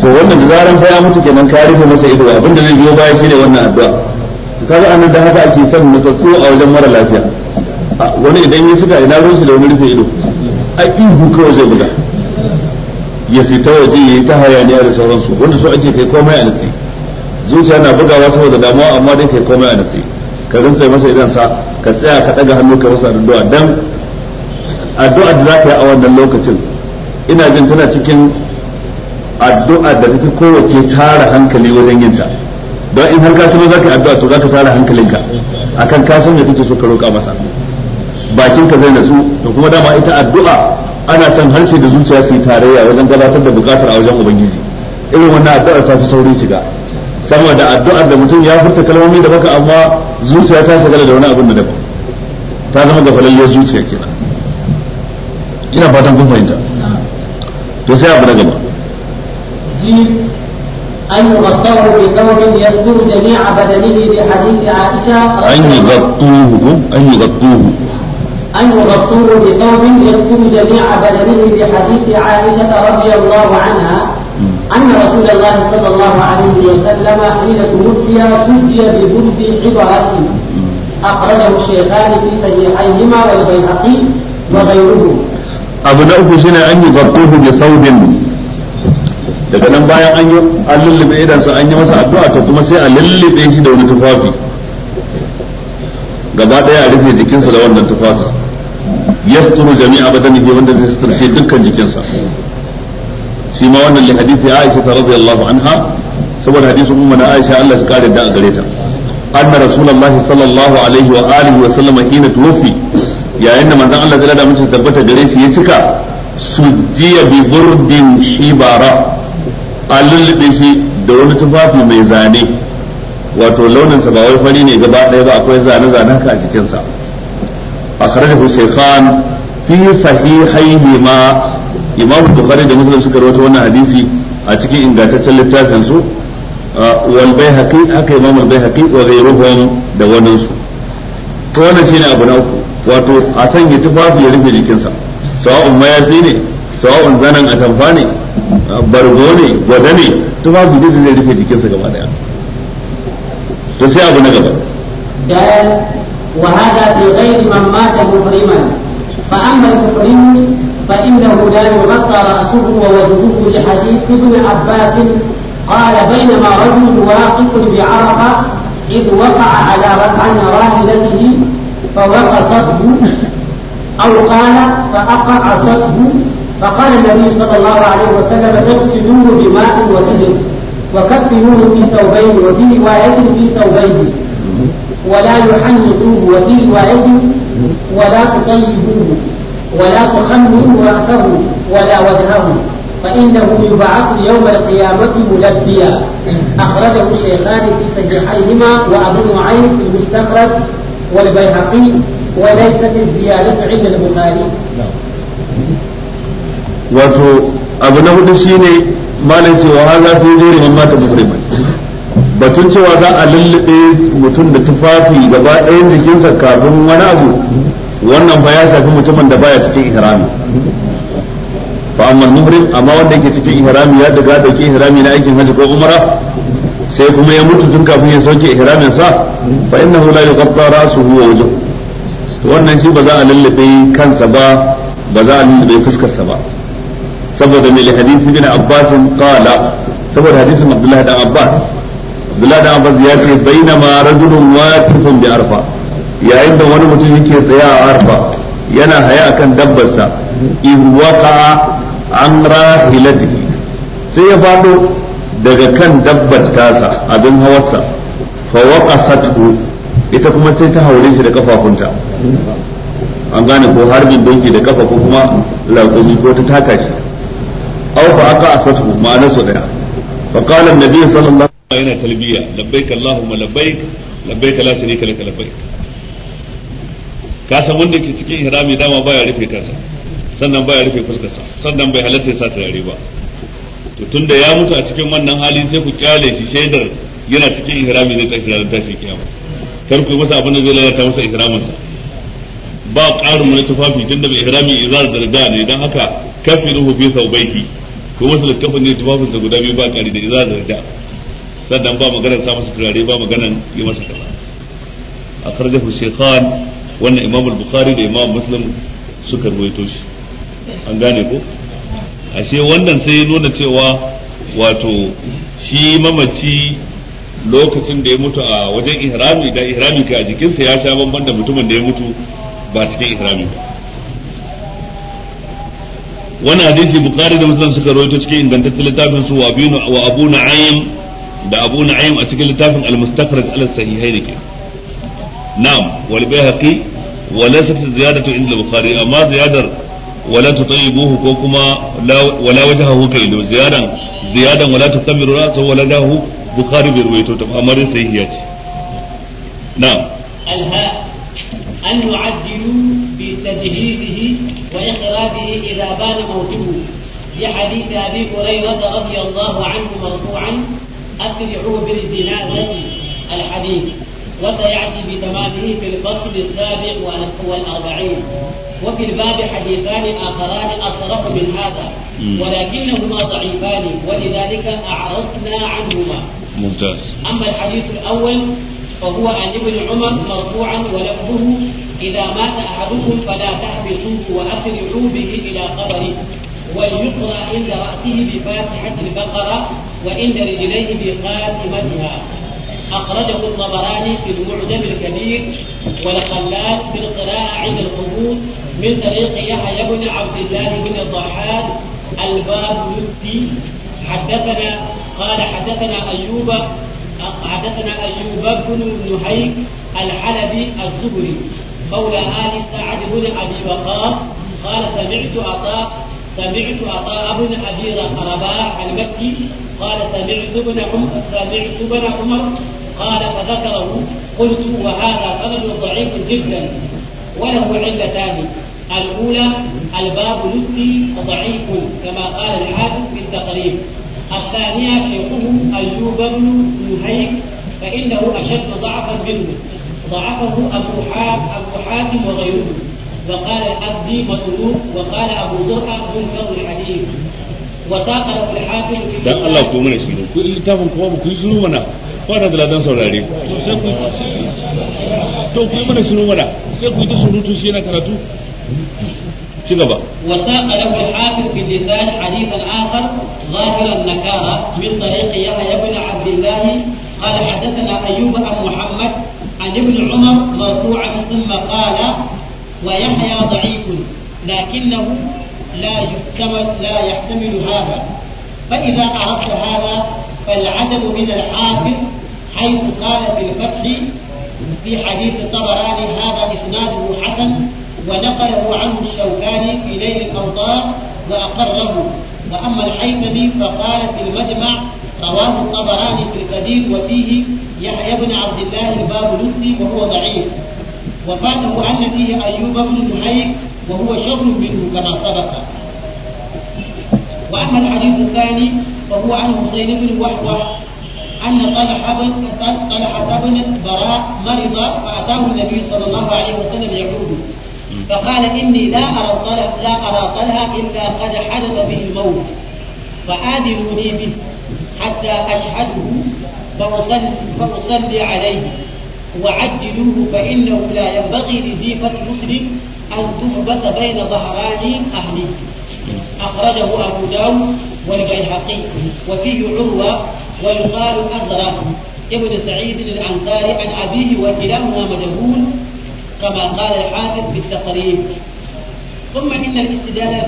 Speaker 1: to wannan da zaran fa ya mutu kenan ka rufe masa ido abinda zai biyo baya shine wannan addu'a kaga anan da haka ake son nutsatsu a wajen mara lafiya wani idan ya suka ina ruwan da wani rufe ido a ihu kawai zai buga ya fita waje ya yi ta hayaniya da sauransu wanda su ake kai komai a natsi zuciya na bugawa saboda damuwa amma dai kai komai a natsi ka rinsa masa idan sa ka tsaya ka ɗaga hannu ka masa addu'a dan addu'a da za ka yi a wannan lokacin ina jin tana cikin addu'a da take kowace tara hankali wajen yin ta don in har ka tuno zaka yi addu'a to zaka tara hankalinka akan ka san me kake so ka roƙa masa bakin ka zai natsu to kuma dama ita addu'a ana son harshe da zuciya su yi tarayya wajen gabatar da bukatar a wajen ubangiji irin wannan addu'ar ta fi saurin shiga sama da addu'ar da mutum ya furta kalmomi da baka amma zuciya ta shagala da wani abin da daban ta zama ga falalliyar zuciya kenan ina fatan kun fahimta to sai abu na gaba
Speaker 2: الجيل أن يغطوه بثوب يستر جميع بدنه لحديث عائشة أن يغطوه
Speaker 1: أن يغطوه
Speaker 2: أن يغطوه بثوب يستر جميع بدنه لحديث عائشة رضي الله عنها أن رسول الله صلى الله عليه وسلم حين توفي سجي ببرد عبرة أخرجه الشيخان في صحيحيهما والبيهقي وغيره
Speaker 1: أبو سنة أن يغطوه بثوب daga nan bayan an yi an lullube sa an yi masa addu'a to kuma sai a lullube shi da wani tufafi gaba daya a rufe jikinsa da wannan tufafi yasturu jami'a badanihi wanda zai suturce dukkan jikinsa shi ma wannan li hadisi Aisha ta radiyallahu anha saboda hadisin umma na Aisha Allah shi kare da a gare ta anna rasulullahi sallallahu alaihi wa alihi wa sallam hina tuwfi yayin da manzon Allah ya da mutum tabbata gare shi ya cika sujiya bi burdin hibara a lullube shi da wani tufafi mai zane wato launinsa ba wai fari ne gaba ɗaya ba akwai zane-zane haka a jikinsa a kharajahu shaykhan fi sahihaihi ma imam bukhari da muslim suka rawaito wannan hadisi a cikin ingantaccen littafin su wal bayhaqi haka imam al bayhaqi wa ghayruhum da wannan su to wannan shine abu na uku wato a sanya tufafi ya rufe jikinsa sawa'un mayafi ne sawa'un zanan atamfa ne bargo ne gwada ne to babu zai zai rufe jikinsa gaba daya to sai abu na gaba
Speaker 2: da wa hada fi ghairi man mata muhriman fa amma al-muhrim fa innahu la yughatta ra'suhu wa wajhuhu li hadith ibn abbas qala bainama rajul waqif bi arafa id waqa'a ala rat'an rahilatihi fa waqasathu aw qala fa aqqa asathu فقال النبي صلى الله عليه وسلم اغسلوه بماء وسجن وكفنوه في ثوبين وفي رواية في ثوبين ولا يحنطوه وفي رواية ولا تطيبوه ولا تخمروا رأسه ولا وجهه فإنه يبعث يوم القيامة ملبيا أخرجه الشيخان في صحيحيهما وأبو نعيم في المستخرج والبيهقي وليست الزيادة عند البخاري
Speaker 1: wato abu na hudu shine malai cewa ha za fi zuri min mata batun cewa za a lullube mutum da tufafi gaba ɗayan jikinsa kafin wani abu wannan fa ya shafi mutumin da baya cikin ihrami fa amma muhrim amma wanda yake cikin ihrami ya daga da ke ihrami na aikin hajji ko umara sai kuma ya mutu tun kafin ya sauke ihramin sa fa innahu la yuqatta ra'suhu wa wajhuhu wannan shi ba za a lullube kansa ba ba za a lullube fuskar sa ba saboda mai hadisi bin Abbas qala saboda hadisin Abdullahi dan Abbas Abdullahi dan Abbas ya ce bainama rajulun waqifun bi arfa yayin da wani mutum yake tsaye a arfa yana haya akan dabbarsa in waqa'a an rahilatihi sai ya fado daga kan dabbar tasa abin hawarsa fa waqasathu ita kuma sai ta haure shi da kafafunta an gane ko harbin donki da kafa ko kuma laƙumi ko ta taka shi aw fa aka asatu ma'ana su daya fa qala an-nabi sallallahu alaihi yana talbiya labbaik allahumma labbaik labbaik la sharika lak labbaik ka san wanda ke cikin ihrami dama baya rufe kansa sannan baya rufe fuskarsa sannan bai halatta sa turare ba to tunda ya mutu a cikin wannan hali sai ku kyale shi shaidar yana cikin ihrami zai tashi ranar tashin kiyama kar ku masa abin da zai lalata masa ihraminsa ba ƙarin wani tufafi tunda bai ihrami izar da rida ne dan haka kafiruhu fi saubaiki ko da kafin ne tufafin guda biyu ba kari da iza zarja sannan ba maganar sa masa turare ba maganar yi masa kaza karjafu shekhan wannan imam al-bukhari da imam muslim suka ruwaito shi an gane ko ashe wannan sai ya nuna cewa wato shi mamaci lokacin da ya mutu a wajen ihrami da ihrami kai a jikinsa ya sha bambam da mutumin da ya mutu ba cikin ihrami ba wani hadisi bukari da muslim suka rawaito cikin ingantaccen littafin su wa abu na'im da abu na'im a cikin littafin al-mustakhraj al-sahihain ke na'am wal bayhaqi wa laysat ziyadatu inda bukari amma ziyadar wala tutayyibuhu ko kuma wala wajhahu kailu ziyadan ziyadan wala tukammiru ra'sahu wala dahu bukari bai rawaito ta amma dai sahihiya ce na'am
Speaker 2: alha an yu'addilu bi tajhidihi وإقرابه إذا بان موته حديث أبي هريرة رضي الله عنه مرفوعا أسرعوا بالجنازة الحديث وسيأتي بتمامه في الفصل السابع والأربعين وفي الباب حديثان آخران أصرف من هذا ولكنهما ضعيفان ولذلك أعرضنا عنهما ممتاز أما الحديث الأول فهو عن ابن عمر مرفوعا ولفظه إذا مات أحدكم فلا تحبسوه وأقرعوا به إلى قبره وليقرأ عند رأسه بفاتحة البقرة وعند رجليه بخاتمتها أخرجه الطبراني في المعجم الكبير والخلال في القراءة عند القبور من طريق يحيى بن عبد الله بن الضحاك البابلتي حدثنا قال حدثنا أيوب حدثنا أيوب بن نهيك الحلبي الزبري مولى آل سعد بن أبي وقاص قال سمعت عطاء سمعت عطاء بن أبي رباح المكي قال سمعت ابن عمر سمعت ابن عمر قال فذكره قلت وهذا قدر ضعيف جدا وله علتان الأولى الباب لدي ضعيف كما قال الحافظ في التقريب الثانية شيخه أيوب بن نهيك فإنه أشد ضعفا منه ضعفه أبو حاتم أبو حاتم وغيره وقال الأبدي مطلوب وقال أبو زرعة منكر الحديث وساق له الحاكم في dan Allah ku mana
Speaker 1: shi ku littafin kuma ku yi shiru mana kwana da ladan saurare sai ku to ku yi mana shiru mana sai ku yi ta surutu shi yana karatu ci gaba
Speaker 2: وساق له الحاكم في لسان حديثا آخر ظاهر النكارة من طريق يحيى بن عبد الله قال حدثنا أيوب عن محمد عن ابن عمر مرفوعا ثم قال ويحيى ضعيف لكنه لا يحتمل لا يحتمل هذا فإذا أردت هذا فالعدد من الحافظ حيث قال في الفتح في حديث الطبراني هذا إسناده حسن ونقله عنه الشوكاني في ليل الأوطار وأقره وأما الحيثمي فقال في المجمع رواه الطبراني في الكبير وفيه يحيى بن عبد الله البابلسي وهو ضعيف وفاته أن فيه أيوب بن نعيم وهو شر منه كما سبق وأما الحديث الثاني فهو عن حسين بن وحوح أن طلحة بن طلحة بن براء مرض فأتاه النبي صلى الله عليه وسلم يعوده فقال إني لا أرى طلحة لا أرى طلحة إلا قد حدث به الموت فآذنوني به حتى أشهده فأصلي, عليه وعدلوه فإنه لا ينبغي لذي فتح مسلم أن تحبس بين ظهران أهله أخرجه أبو داود والبيهقي وفيه عروة ويقال أزرق ابن سعيد الأنصاري عن أبيه وكلاهما مجهول كما قال الحافظ في التقريب ثم إن الاستدلال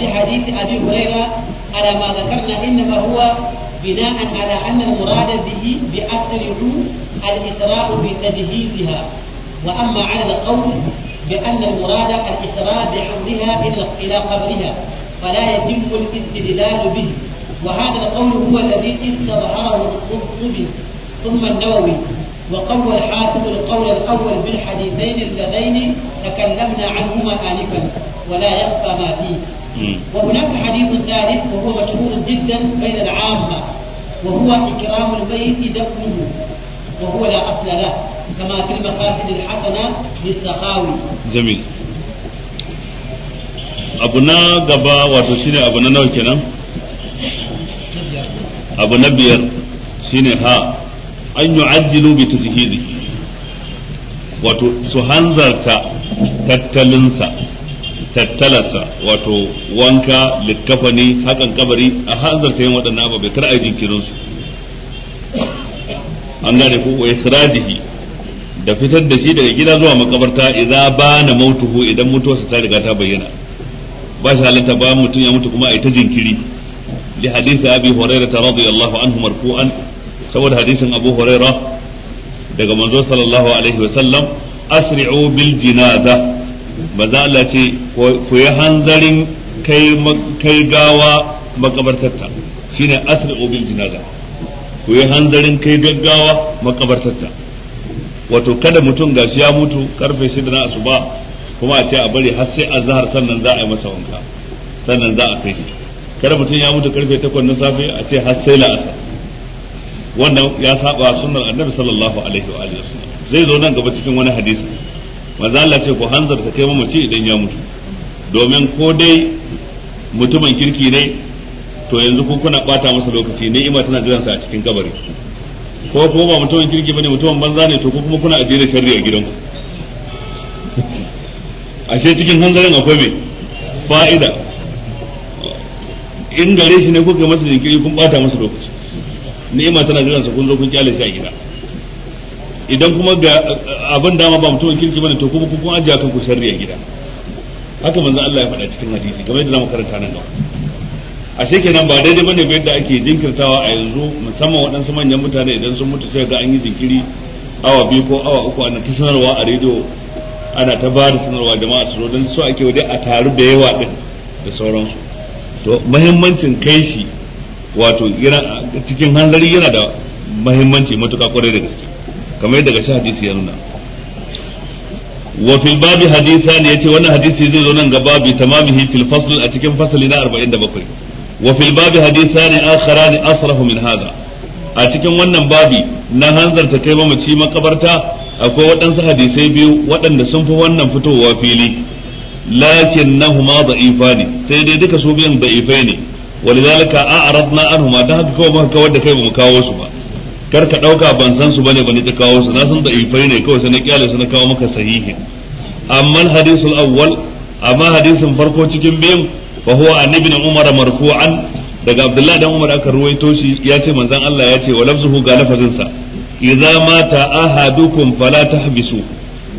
Speaker 2: بحديث أبي هريرة على ما ذكرنا إنما هو بناء على أن المراد به العلوم الإسراء بتجهيزها وأما على القول بأن المراد الإسراء بحملها إلى قبرها فلا يتم الاستدلال به وهذا القول هو الذي استظهره القرطبي ثم النووي وقوى الحاكم القول الأول بالحديثين اللذين تكلمنا عنهما آنفا ولا يخفى ما فيه وهناك حديث ثالث وهو مشهور جدا بين العامة وهو إكرام البيت دفنه وهو لا أصل له كما في المقاصد الحسنة للسخاوي. جميل.
Speaker 1: أبنا قبا وتشين أبنا نوكنا. أبو نبير ها أن يعجلوا بتجهيزه وتسهنزلت تتلنسا tattalarsa wato wanka likkafani hakan kabari a hanzarta yin waɗannan ababai kar a yi jinkirin su an gane ko wai da fitar da shi daga gida zuwa makabarta idan bana mautuhu idan mutuwarsa ta riga ta bayyana ba shi halatta ba mutum ya mutu kuma a yi ta jinkiri li hadisi abi radiyallahu anhu marfu'an saboda hadisin abu hurairah daga manzo sallallahu alaihi wa sallam asri'u bil jinaza za Allah ce ku yi hanzarin kai gawa makabartarta shine asir obin jinaza ku yi hanzarin kai gaggawa makabartarta wato kada mutum shi ya mutu karfe shida na asuba kuma a ce a bari har sai azhar sannan za a yi masa wanka sannan za a kai shi kada mutum ya mutu karfe takwas na safe a ce har sai la'asar wannan ya saba sunnar annabi sallallahu alaihi wa alihi zai zo nan gaba cikin wani hadisi manzo Allah ce ku hanzarta kai mace idan ya mutu domin ko dai mutumin kirki ne to yanzu ku kuna bata masa lokaci ni'ima tana jiran sa a cikin kabari ko ko ba mutumin kirki bane mutumin banza ne to ko kuma kuna ajiye da sharri a gidanku ashe cikin hanzarin akwai me fa'ida in gare shi ne kuka masa jinkiri kun bata masa lokaci ni'ima tana jiran sa kun zo kun kyale shi a gida idan kuma ga abin dama ba mutum kirki bane to kuma ku kun ajiya kanku sharri a gida haka manzo Allah ya faɗa cikin hadisi kamar yadda zamu karanta nan a ashe kenan ba daidai bane ba yadda ake jinkirtawa a yanzu musamman waɗansu manyan mutane idan sun mutu sai ga an yi jinkiri awa biyu ko awa uku ana ta sanarwa a rediyo ana ta ba da sanarwa jama'a su don su ake wadai a taru da yawa din da sauransu to mahimmancin kai shi wato cikin hanzari yana da mahimmanci matuƙa kwarai da gaske kamar daga shi hadisi ya nuna wa fil babi hadisan yace wannan hadisi zai zo nan gaba bi tamamihi fil fasl a cikin fasali na 47 wa fil babi hadisan akharan asrafu min hada a cikin wannan babi na hanzarta kai mamaci makabarta akwai waɗansu hadisai biyu waɗanda sun fi wannan fitowa fili lakin huma da'ifa ne sai dai duka su biyan da'ifai ne walidalika an huma dan haka kawai muka kawar da kai ba mu kawo su ba kar ka dauka ban san su bane bane ta kawo su na san da ifai ne kawai sai na kyale su na kawo maka sahihi amma hadisul awwal amma hadisin farko cikin biyun fa huwa an ibn umar marfu'an daga abdullah dan umar aka ruwaito shi ya ce manzon Allah ya ce wa lafzuhu ga lafazin sa idza mata ahadukum fala tahbisu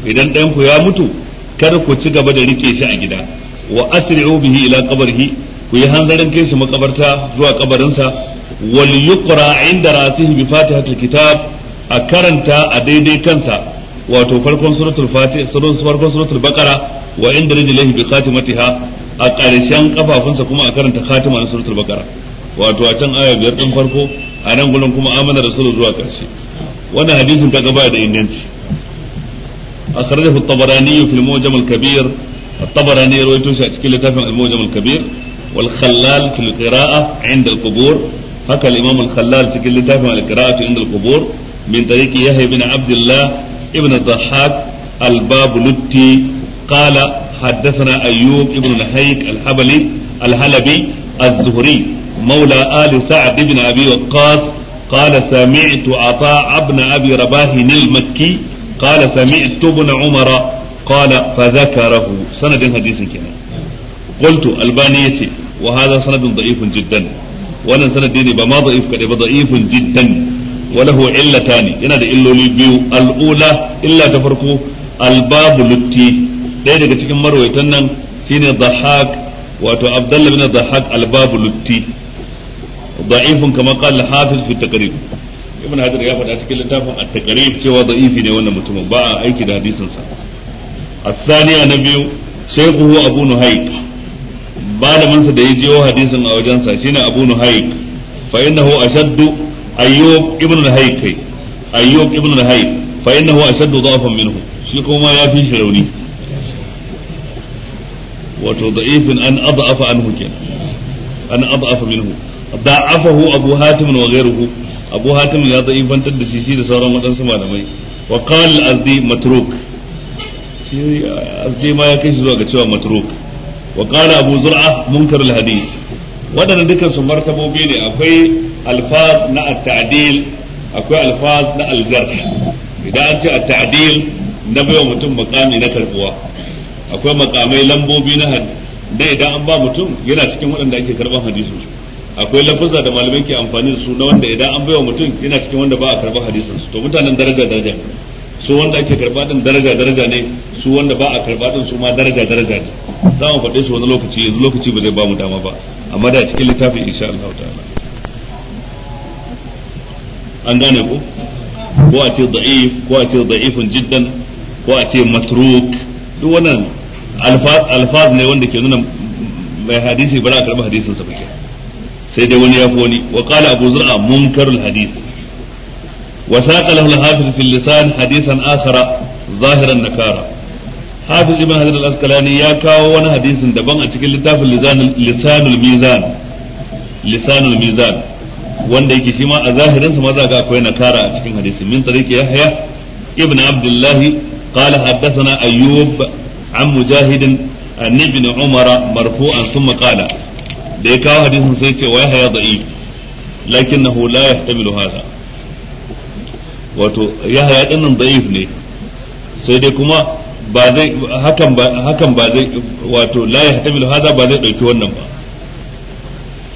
Speaker 1: idan dan ku ya mutu kar ku ci gaba da rike shi a gida wa asri'u bihi ila qabrihi ku yi hanzarin kai shi makabarta zuwa kabarinsa wal yuqra inda ra'sihi bi fatihatil kitab a karanta a daidai kansa wato farkon suratul fatiha farkon suratul baqara wa inda rijlihi bi khatimatiha a ƙarshen kafafunsa kuma a karanta khatima na suratul baqara wato a can aya biyar din farko a nan gurin kuma amana rasul zuwa ƙarshe wannan hadisin kaga ba da inganci akhrajahu at-tabarani fi al-mujam al-kabir at-tabarani rawaito shi a cikin littafin al-mujam al-kabir wal khallal fi al-qira'a 'inda al-qubur haka al-imam al-khallal cikin littafin al-qira'atu inda al-qubur min tariqi yahya ibn abdullah ibn dhahhak al-bab lutti qala حدثنا أيوب ابن الحيك الحبلي الحلبي الزهري مولى آل سعد بن أبي وقاص قال سمعت عطاء ابن أبي رباه المكي قال سمعت ابن عمر قال فذكره سند حديث كنا قلت البانيتي وهذا سند ضعيف جدا wannan sanadi ne ba ma da'if kadai ba da'ifun jiddan wa lahu illatani yana da illoli biyu al'ula illa ta farko albabu lutti ɗaya daga cikin marwaitan nan shine dhahak wato abdullah bin dhahak albabu lutti da'ifun kama qala hafiz fi taqrib ibn hajar ya faɗa cikin littafin at-taqrib cewa da'ifi ne wannan mutumin ba a aiki da hadisin sa الثانية نبي شيخه أبو نهيك malamin sa da ya jiyo hadisin a wajen sa shine Abu Nuhayk fa innahu ashaddu Ayyub ibn Nuhayk kai Ayyub ibn Nuhayk fa innahu ashaddu dha'fan minhu shi kuma ya fi shi rauni wato da'ifin an ad'afa anhu kenan an ad'afa minhu da'afahu Abu Hatim wa ghayruhu Abu Hatim ya da'ifantar da shi da sauran waɗansu malamai ma ya kai shi zuwa ga cewa matruk wa qala abu zur'a munkar al hadith wadannan dukkan su martabobi ne akwai alfaz na at akwai alfaz na al idan an ce at na baiwa mutum makami na karbuwa akwai makamai lambobi na hadith da idan an ba mutum yana cikin waɗanda ake karban hadisin su akwai lafuzza da malamai ke amfani da su na wanda idan an baiwa mutum yana cikin wanda ba a karba hadisin su to mutanen daraja daraja su wanda ake karba din daraja daraja ne su wanda ba a karba din su ma daraja daraja ne za mu faɗe su wani lokaci yanzu lokaci ba zai ba mu dama ba amma da cikin littafin insha Allah ta'ala an gane ko ko a ce da'if ko a ce da'ifun jiddan ko a ce matruk duk wannan alfaz ne wanda ke nuna mai hadisi ba za a karɓi hadisin sa ba ke. sai dai wani ya fi wani wa qala abu zur'a munkarul hadith wa saqa lahu al-hafiz fil lisan hadithan akhara zahiran nakara hafiz ibn hajar al-asqalani ya kawo wani hadisin daban a cikin littafin wanda yake shi ma a zahirin sa ma za ga akwai nakara a cikin hadisin min yahya ibn abdullahi qala haddathana ayyub an mujahid an ibn umara marfu'an thumma qala da ya kawo hadisin sai ce wa yahya da'if lakinnahu la yahtamilu hadha wato yahya dinnan da'if ne sai dai kuma ba zai hakan ba hakan ba zai wato la yahtamilu hadha ba zai dauki wannan ba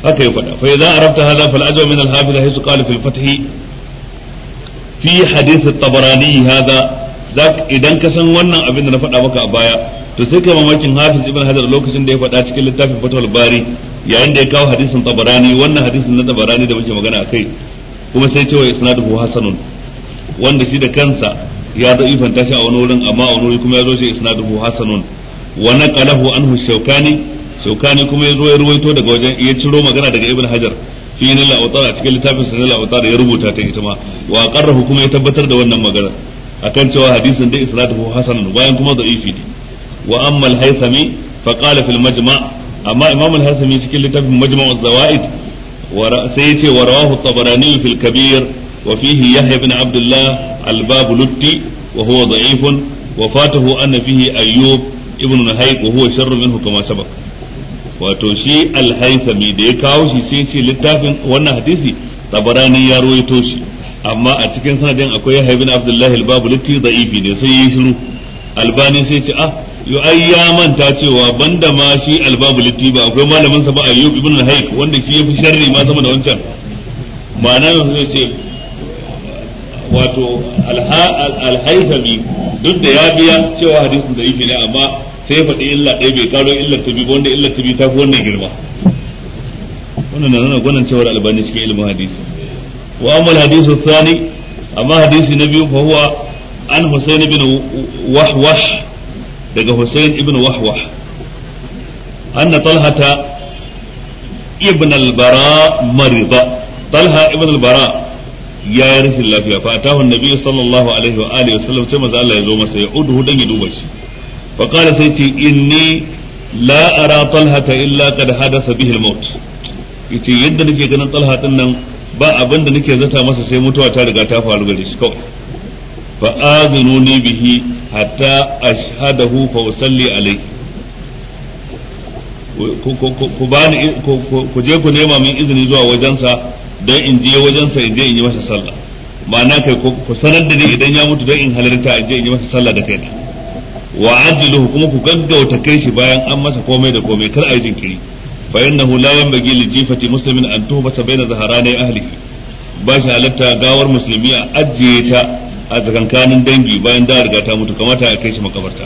Speaker 1: haka ya faɗa fa idza arafta hadha fal ajwa min al hafiz haythu qala fil fath fi hadith at-tabarani hadha zak idan ka san wannan abin da na faɗa maka a baya to sai kai mamakin hafiz ibn hajar lokacin da ya faɗa cikin littafin fatul bari yayin da ya kawo hadisin tabarani wannan hadisin na tabarani da muke magana akai kuma sai cewa isnaduhu hasanun wanda shi da kansa ya da ifan tashi a wani wurin amma a wani wuri kuma ya zo shi isnaduhu hasanun wa naqalahu anhu shaukani shaukani kuma ya zo ya ruwaito daga wajen ya ciro magana daga ibn hajar fi nil awtar a cikin littafin sa nil awtar ya rubuta ta ita ma wa qarrahu kuma ya tabbatar da wannan magana akan cewa hadisin da isnaduhu hasanun bayan kuma da'ifi ne wa amma al-haythami fa qala fil majma' amma imam al-haythami cikin littafin majma' az-zawaid sai ya ce wa rawahu at-tabarani fil kabir وفيه يحيى بن عبد الله الباب لتي وهو ضعيف وفاته أن فيه أيوب ابن نهيك وهو شر منه كما سبق wato shi alhaisami da ya kawo shi sai shi littafin wannan hadisi tabarani ya ruwaito shi amma a cikin sanadin akwai yahya bin abdullahi al-babu litti da'ifi sai yi shiru albani sai ce ah yo ai ya manta cewa banda ma shi albabu litti ba akwai malamin sa ba ayyub ibn hayk wanda ma sama da wancan ma'ana sai wato alhaihami duk da ya biya cewa hadisin da ne amma sai faɗi illa ɗaya bai karo illa ta biyu wanda illa ta biyu ta fi wannan girma wannan na nuna gwanin cewar albani cikin ilimin hadisi wa amal hadisu sani amma hadisi na biyu fa huwa an husain ibn wahwash daga husain ibn wahwah anna talhata ibn al-bara marida talha ibn al-bara ya yi rashin lafiya fa hun nabi sallallahu alaihi wa alihi wasallam sai maza Allah ya zo masa ya udu dan ya duba shi fa kana sai ce inni la ara ta illa kada hadatha bihi al-maut yace yadda nake ganin talha din nan ba abin da nake zata masa sai mutuwa ta riga ta faru gare shi kawai fa azinuni bihi hatta ashhadahu fa usalli alayhi ku bani ku je ku nema min izini zuwa wajensa don in je wajen sa in je in yi masa sallah ma'ana kai ku sanar da ni idan ya mutu don in halarta in je in yi masa sallah da na wa ajiluhu kuma ku gaggauta kai shi bayan an masa komai da komai kar a yi jinkiri fa innahu la yanbaghi li jifati muslimin an tuhbasa baina zaharani ahlihi ba shi halatta gawar musulmi a ajiye ta a tsakankanin dangi bayan da riga ta mutu kamata a kai shi makabarta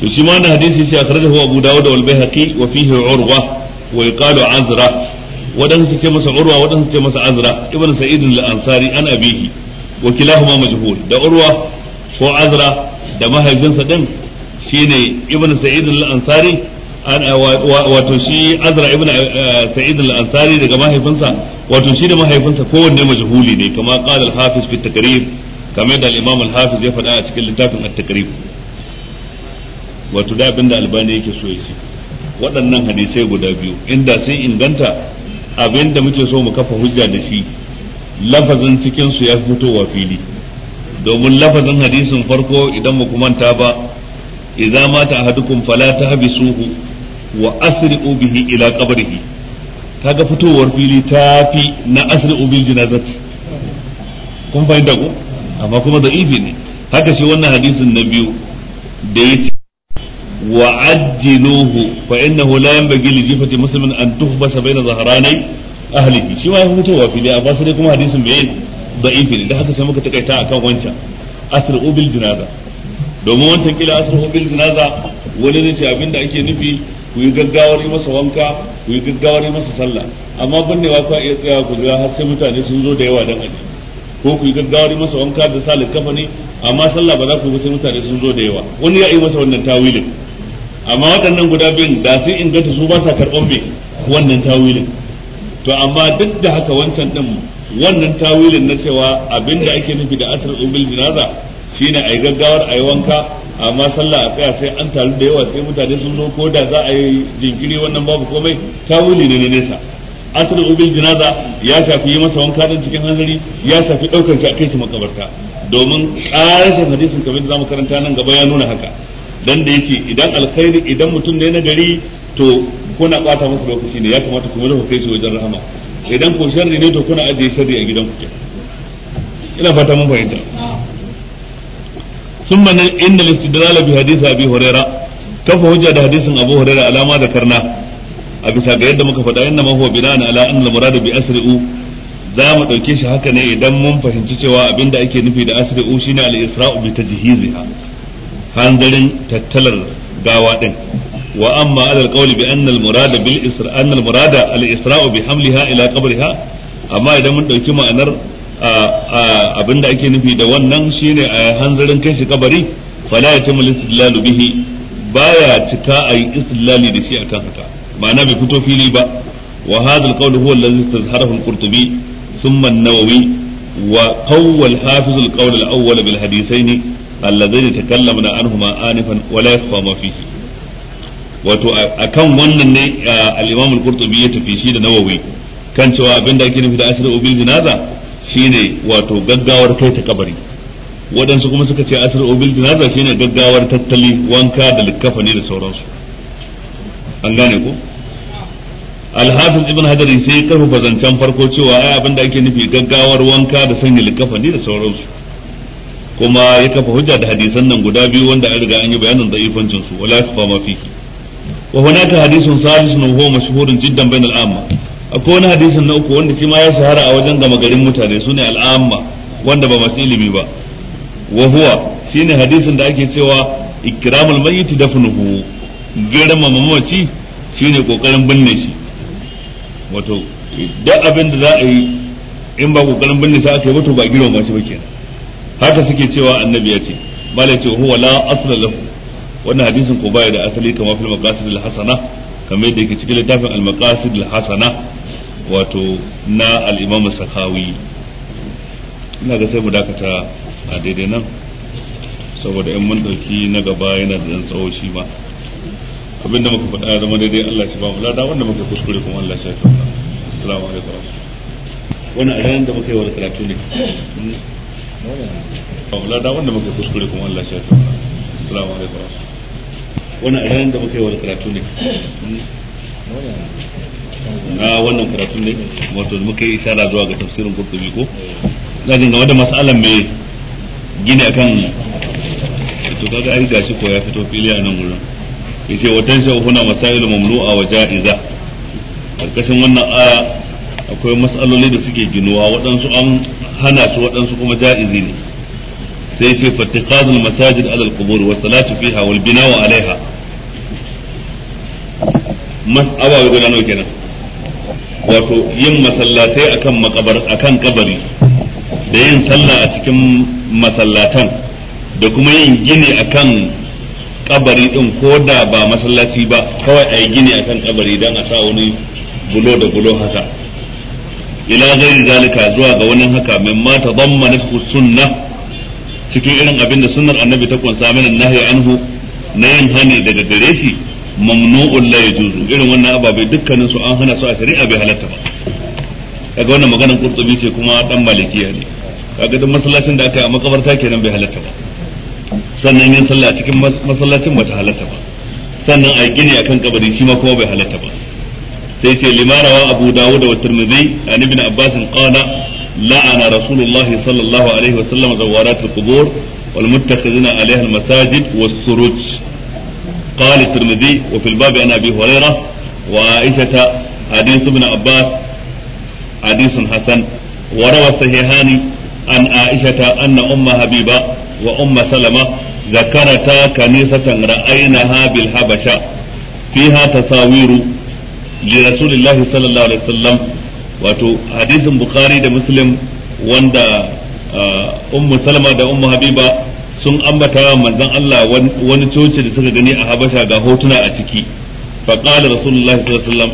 Speaker 1: to shi ma na hadisi shi akhrajahu abu dawud wal bayhaqi wa su ce masa urwa su ce masa azra ibn sa'id al-ansari an abihi wa kilahuma majhul da urwa ko azra da mahaifinsa din shine ibn sa'id al-ansari wato shi azra ibn eh, sa'id al-ansari daga mahaifinsa wato shi da mahaifinsa wanne majhuli ne kama qala al-hafiz fi at-taqrir kamar da al-imam al-hafiz ya faɗa a cikin littafin at-taqrir wato da abinda albani yake so ya ce waɗannan hadisai guda biyu inda sai inganta da muke so mu kafa hujja da shi lafazin cikin su ya fitowa fili domin lafazin hadisin farko idan mu kumanta ba idza mata ahadukum fala tahbisuhu wa asri'u bihi ila qabrihi kaga fitowar fili ta fi na asri'u bil janazati kun fahimta ko amma kuma da ifi ne haka shi wannan hadisin na biyu da ya وعجلوه فإنه لا ينبغي لجيفة مسلم أن تخبس بين ظهراني أهله شي ما يفوتوا في لي أبا سريكم حديث بعيد ضعيف لي ده حتى سمك تكيتا أكاو وانشا أسرقوا بالجنازة domin wancan kila asirhu bil ولذي wani zai ce abinda ake nufi ku yi gaggawar yi masa wanka ku yi gaggawar yi masa sallah amma bannewa ka iya tsaya ku jira har ko ku yi gaggawar yi masa wanka da salin kafa ne amma sallah ba za ku yi sai mutane sun zo da yawa wani ya yi masa wannan tawilin amma waɗannan guda biyun da sun inganta su ba sa karɓar mai wannan tawilin to amma duk da haka wancan ɗin wannan tawilin na cewa abinda ake nufi da asar umbil jinaza shine a yi gaggawar a yi wanka amma sallah a tsaya sai an taru da yawa sai mutane sun zo ko da za a yi jinkiri wannan babu komai tawili ne na nesa asar umbil jinaza ya shafi yi masa wanka ɗin cikin hanzari ya shafi ɗaukar shi a kai su makabarta domin ƙarashin hadisin kamar da mu karanta nan gaba ya nuna haka dan da yake idan alkhairi idan mutum ne na gari to kuna bata masa lokaci ne ya kamata ku zo ku kai shi wajen rahama idan ko sharri ne to kuna ajiye sharri a gidan ku ina fata mun fahimta ثم ان الاستدلال بحديث ابي هريره كف وجد حديث ابو هريره على ما ذكرنا a bisa ga yadda muka faɗa inna ma huwa bina'an ala anna bi asri'u za mu dauke shi haka ne idan mun fahimci cewa abinda ake nufi da asri'u shine al-isra'u bi tajhiziha hanzarin tattalar gawa din wa amma alal qawli bi anna al murada bil isra anna al murada al isra'u bi hamliha ila qabriha amma idan mun dauki ma'anar abinda ake nufi da wannan shine a hanzarin kai shi kabari fala yatimul istidlalu bihi baya cika ayi istidlali da shi akan haka ma'ana bai fito fili ba wa hadha al qawlu huwa alladhi istazharahu al qurtubi thumma an-nawawi wa qawwa al hafiz al qawl al awwal bil allazai takallamna anhuma anifan wala yakfa ma fihi wato akan wannan ne al-imam al-qurtubi ya tafi shi da nawawi kan cewa abinda ake nufi da asiru ubil janaza shine wato gaggawar kai ta kabari waɗansu kuma suka ce asiru ubil janaza shine gaggawar tattali wanka da likafani da sauransu an gane ko Al-Hafiz ibn hadari sai ya karfafa zancen farko cewa ai abin da ake nufi gaggawar wanka da sanya likafani da sauransu kuma ya kafa hujja da hadisan nan guda biyu wanda an riga an yi bayanin da'ifancin su wala fa ma fihi wa hunaka hadithun salisun huwa mashhurun jiddan bain al-amma akwai wani hadisin na uku wanda shi ma ya shahara a wajen gama garin mutane sune al-amma wanda ba masu ilimi ba wa huwa shine hadisin da ake cewa ikramul mayyit dafnuhu girmama mamaci shine kokarin binne shi wato duk abin da za a yi in ba kokarin binne shi aka yi wato ba girmama shi ba kenan haka suke cewa annabi ya ce bala ce huwa la asla lahu wannan hadisin ko baya da asali kamar fil maqasid al hasana kamar yadda yake cikin littafin al maqasid al hasana wato na al imam sakawi ina ga sai mu dakata a daidai nan saboda in mun dauki na gaba yana da dan tsawo shi ma abinda muka faɗa ya zama daidai Allah shi ba mu lada wanda muka kuskure kuma Allah shi ya tabbata assalamu alaikum wannan a ranar da muka yi wani karatu ne abu lada wanda muka kuskure kuma Allah shi ta salamu alaikum wannan ranar da muka yi wani karatu ne na wannan karatu ne wato muka yi isara zuwa ga tafsirin kurtubi ko na jin game mas'alan mai gini akan to kaga ai gashi ko ya fito fili a nan gurin yace wa masailu mamlu'a wa ja'iza karkashin wannan aya akwai mas'aloli da suke ginuwa waɗansu an hana su waɗansu kuma ja'izi ne sai ce fatiqadul masajid ala al-qubur wa salatu fiha wal bina'u alaiha mas'aba guda nawa kenan wato yin masallatai akan makabar akan kabari da yin sallah a cikin masallatan da kuma yin gini akan kabari din ko da ba masallaci ba kawai a yi gini akan kabari dan a sa wani bulo da bulo haka ila ghairi zalika zuwa ga wani haka mimma tadammanathu sunnah cikin irin abin da sunnar annabi ta kunsa min nahyi anhu na yin hani daga gare shi mamnu'un la yajuzu irin wannan ababai dukkanin su an hana su a shari'a bai halatta ba kaga wannan maganar qurtubi ce kuma dan malikiya ne kaga duk masallacin da aka yi a makabarta kenan bai halatta ba sannan yin sallah cikin masallacin bata halatta ba sannan a gini akan kabari shi ma kuma bai halatta ba sai ce limarawa abu dawud wa tirmidhi an ibn abbas qala la'ana rasulullah sallallahu alaihi wa sallam zawarat al-qubur wal muttakhidina alaiha al-masajid was-suruj qala tirmidhi wa fil bab an abi hurairah wa aisha hadith ibn abbas حديث حسن وروى الصحيحان عن عائشة Umma أم حبيبة وأم سلمة ذكرتا كنيسة رأيناها بالحبشة فيها تصاوير li rasulillahi sallallahu alaihi wasallam wato hadisin bukhari da muslim wanda uh, ummu salama da ummu habiba sun ambata manzon Allah wani coci da suka gani a habasha ga hotuna a ciki fa qala rasulullahi sallallahu alaihi wasallam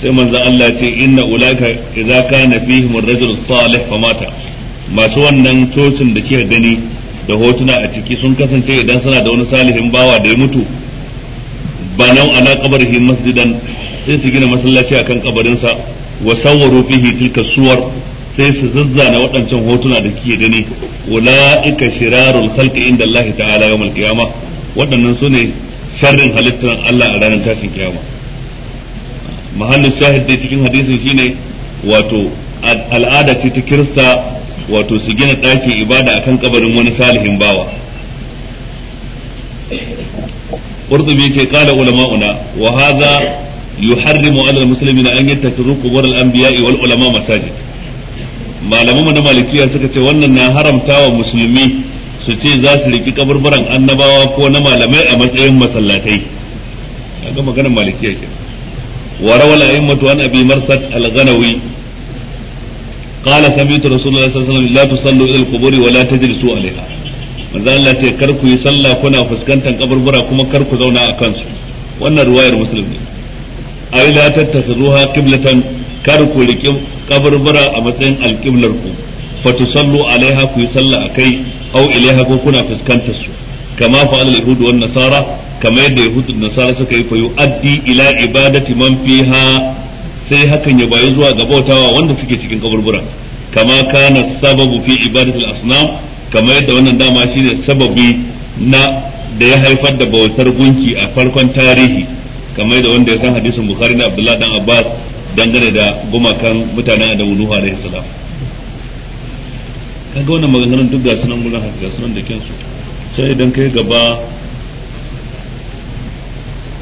Speaker 1: sai manzon Allah ce inna ulaka idza kana fihim ar-rajul salih fa mata masu wannan cocin da kika gani da hotuna a ciki sun kasance idan suna da wani salihin bawa da ya mutu ba banau ala qabrihi masjidan sai su gina masallaci akan kabarinsa wa sawwaru fihi tilka suwar sai su zazzana waɗancan hotuna da kike gani ulaika shirarul khalqi inda Allah ta'ala yawmal qiyamah waɗannan su ne sharrin halittar Allah a ranar tashin kiyama mahallin shahid dai cikin hadisin shine wato al'ada ce ta kirista wato su gina ɗakin ibada akan kabarin wani salihin bawa قرطبي كي قال علماؤنا وهذا yuharrimu ala almuslimina an yattakhidhu qubur al-anbiya'i wal ulama masajid malamanmu na malikiya suka ce wannan na haramtawa musulmi su ce za su riki kaburburan annabawa ko na malamai a matsayin masallatai kaga maganar malikiya ke wa rawal a'immatu an abi marsad al-ghanawi qala sami'tu rasulullahi sallallahu alaihi wasallam la tusallu ila al-quburi wa la tajlisu alaiha manzo Allah ce kar ku yi sallah kuna fuskantar kaburbura kuma kar ku zauna a kansu wannan ruwayar muslim ai la tattakhuzuha qiblatan kar ku riki kaburbura a matsayin alqiblar ku fatusallu alaiha ku yi sallah akai au ilaiha ko kuna fuskantar su kama fa'ala al-yahud wan nasara kama yadda yahud da nasara suka yi fayu addi ila ibadati man fiha sai hakan ya bayi zuwa ga bautawa wanda suke cikin kaburbura kama kana sababu fi ibadati al-asnam kama yadda wannan dama shine sababi na da ya haifar da bautar gunki a farkon tarihi kamar da wanda ya san hadisin bukhari na abdullahi dan abbas dangane da gumakan mutanen adamu nuhu alaihi salam kaga wannan maganganun duk ga sunan gurin haka ga sunan da kyansu sai idan kai gaba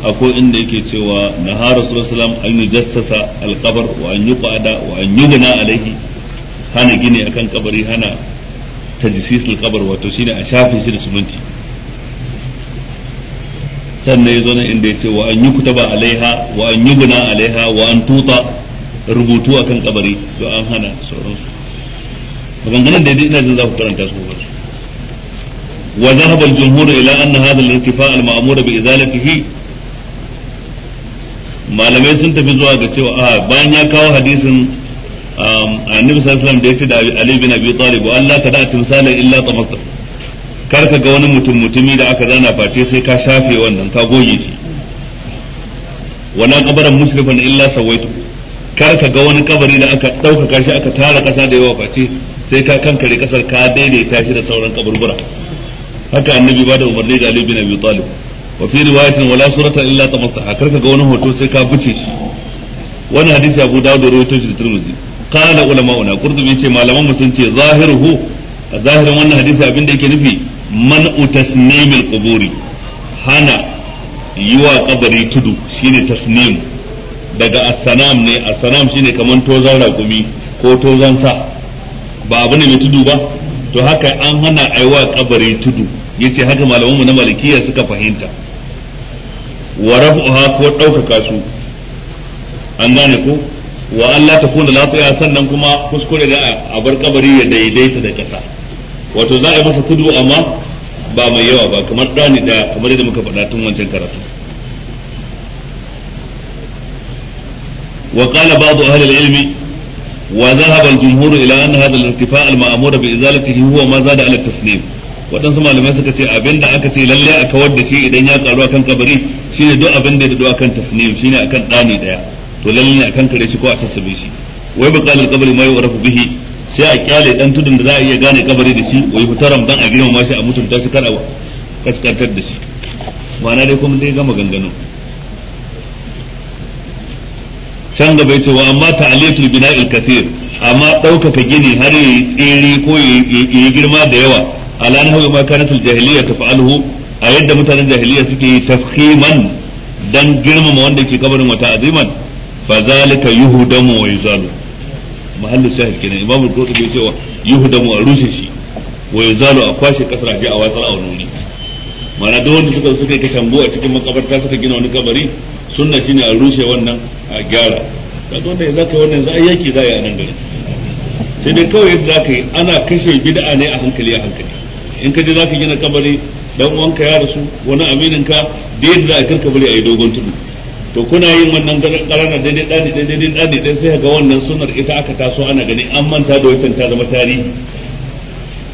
Speaker 1: akwai inda yake cewa na har rasulullah sallam an yujassasa jassasa wa an yuqada wa an yi gina alaihi hana gini akan kabari hana tajsis alkabar wato shine a shafin shi da suminti sannan ya zo nan inda ya ce wa an yi kutaba alaiha wa an yi guna alaiha wa an tuta rubutu akan kabari to an hana sauransu maganganun da ina jin za ku karanta su ba wa zahaba al-jumhur ila anna hadha al-irtifa al-ma'mur bi izalatihi malamai sun tafi zuwa ga cewa a bayan ya kawo hadisin um, annabi sallallahu alaihi wasallam da ya ce da ali bin abi talib wa Allah kada timsala illa tamassa kar ka ga wani mutum mutumi da aka zana face sai ka shafe wannan ka goge shi wala qabaran musrifan illa sawaitu kar ka ga wani kabari da aka ɗaukaka shi aka tara kasa da yawa face sai ka kankare kasar ka daidaita shi da sauran kaburbura haka annabi ba da umarni ga Ali bin Abi Talib wa fi riwayatin wala surata illa tamassaha kar ka ga wani hoto sai ka buce shi wani hadisi Abu Dawud rawaito shi da Tirmidhi qala ulama'una qurtubi ce malaman mu sun ce zahiruhu a zahirin wannan hadisi abin da yake nufi man'u utasnimil quburi hana yiwa kabari tudu shine tasnim daga asanam ne asanam shine kaman tozan raƙumi ko tozan sa ba abu ne mai tudu ba to haka an hana aiwa kabari tudu yace haka mu na malikiya suka fahimta wa raf'uha ko ɗaukaka su an gane ko wa Allah ta kuna lafiya sannan kuma kuskure da a bar kabari ya daidaita da kasa. wato za a yi masa kudu amma ba mai yawa ba kamar ɗani ɗaya kamar yadda muka faɗa tun wancan karatu wa وقال بعض أهل العلم وذهب الجمهور إلى al هذا الارتفاع المأمور بإزالته هو ما زاد على التسليم waɗansu malamai suka ce abin da aka ce lalle a kawar da shi idan ya karu akan kabari shine duk abin da ya dadu akan tasnim shine akan ɗani ɗaya to lalle ne akan kare shi ko a tasabe shi wai ba buƙalar kabari ma yu'rafu bihi sai a kyale dan tudun da za a iya gane kabari da shi wai fitaram dan a girmama shi a mutunta shi kar a kaskantar da shi ma'ana dai kuma dai gama ganganin can gaba ce wa amma ta'alitul bina'il kathir amma ɗaukaka gini har yi tsiri ko yi girma da yawa ala nahwi ma kanatul jahiliya taf'aluhu a yadda mutanen jahiliya suke yi tafhiman dan girmama wanda ke kabarin wata aziman fa zalika yuhdamu wa yuzalu mahallu shahid kenan imamu qurtubi yace wa yuhdamu a rushe shi wa yuzalu a kwashe kasar a watsar a wani mana da wanda suka suka yi tambo a cikin makabarta suka gina wani kabari sunna shine a rushe wannan a gyara kaga wanda ya zaka wannan za a yaki za a yi a nan gari sai dai kawai yadda zaka yi ana kashe bid'a ne a hankali a hankali in ka je zaka gina kabari dan uwanka ya rasu wani aminin ka da yadda za a kan bari a yi dogon tudu to kuna yin wannan ƙarana daidai ɗani daidai ɗani ɗan sai ga wannan sunar ita aka taso ana gani an manta da wancan ta zama tarihi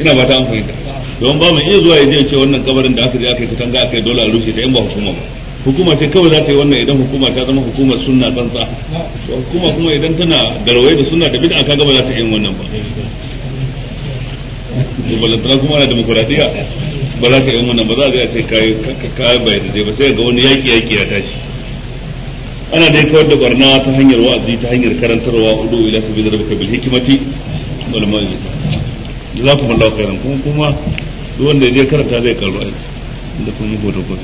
Speaker 1: ina ba ta an fahimta don ba mu iya zuwa ya ce wannan kabarin da aka je aka yi katanga aka yi dole a rushe ta in ba hukuma ba hukuma ce kawai za ta yi wannan idan hukuma ta zama hukumar sunna tsantsa to hukuma kuma idan tana garwaye da sunna da bid'a kaga ba za ta yi wannan ba balantana kuma na demokuraɗiyya ba za ta yi wannan ba za a ce kayi kayi bai da ba sai ga wani yaƙi yaƙi ya tashi ana dai kawar da barna ta hanyar wa'azi ta hanyar karantarwa hudu ila sabila rabbika bil hikmati wal ku jazakum Allahu khairan kuma kuma duk wanda je karanta zai karu ai da kun yi hoto ko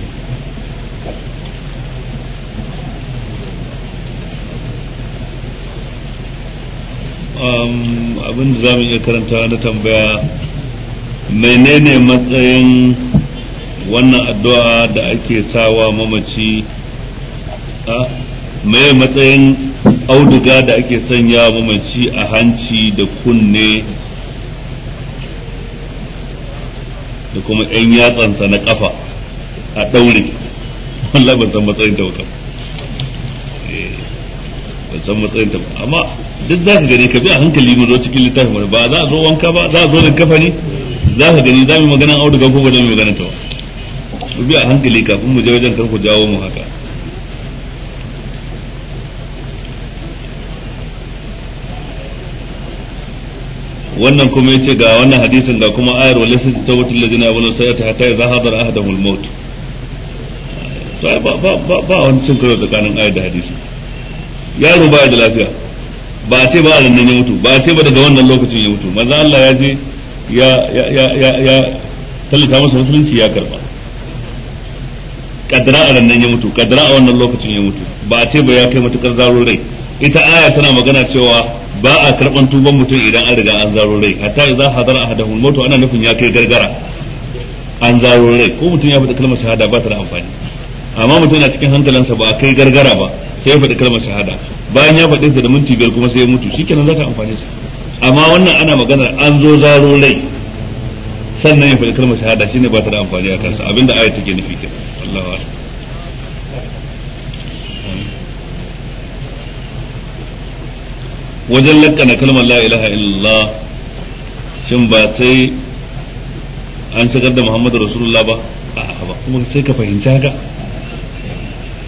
Speaker 1: um abin da zamu iya karanta na tambaya menene matsayin wannan addu'a da ake sawa mamaci a ah, mai matsayin auduga da ake sanya mamaci a hanci da kunne da kuma 'yan yatsansa na kafa a ɗaure wallah ban san matsayin ta eh, ban san matsayin ta amma duk za ka gani ka bi a hankali mu zo cikin littafin ba za a zo wanka ba za a zo da kafa ne za ka gani za mu maganan auduga ko ba za mu maganan ta ba ku bi a hankali kafin mu je wajen kar ku jawo mu haka wannan kuma yace ga wannan hadisin ga kuma ayar wala sai tawbatul ladina yabulu sayata hatta idza hadara ahadahum maut to ba ba ba ba wani cin karo tsakanin ayar da hadisi yaro baya da lafiya ba a ba ba nan ya mutu ba sai ba daga wannan lokacin ya mutu manzo Allah ya je ya ya ya ya tallata masa musulunci ya karba kadara a nan ya mutu kadara a wannan lokacin ya mutu ba sai ba ya kai matukar zaro rai ita aya tana magana cewa ba a karban tuban mutum idan an riga an zaro rai hatta idza hadara ahaduhum mutu ana nufin ya kai gargara an zaro rai ko mutum ya faɗi kalmar shahada ba ta da amfani amma mutum yana cikin hankalinsa ba a kai gargara ba sai ya faɗi kalmar shahada bayan ya faɗi da minti biyar kuma sai ya mutu shikenan za ta amfane sa amma wannan ana maganar an zo zaro rai sannan ya faɗi kalmar shahada shine ba ta da amfani a kansa abinda aya take nufi kenan Allahu akbar wajen lakana kalmar la ilaha illallah shin ba sai an shigar da muhammadu rasulullah ba a'a ba kuma sai ka fahimci haka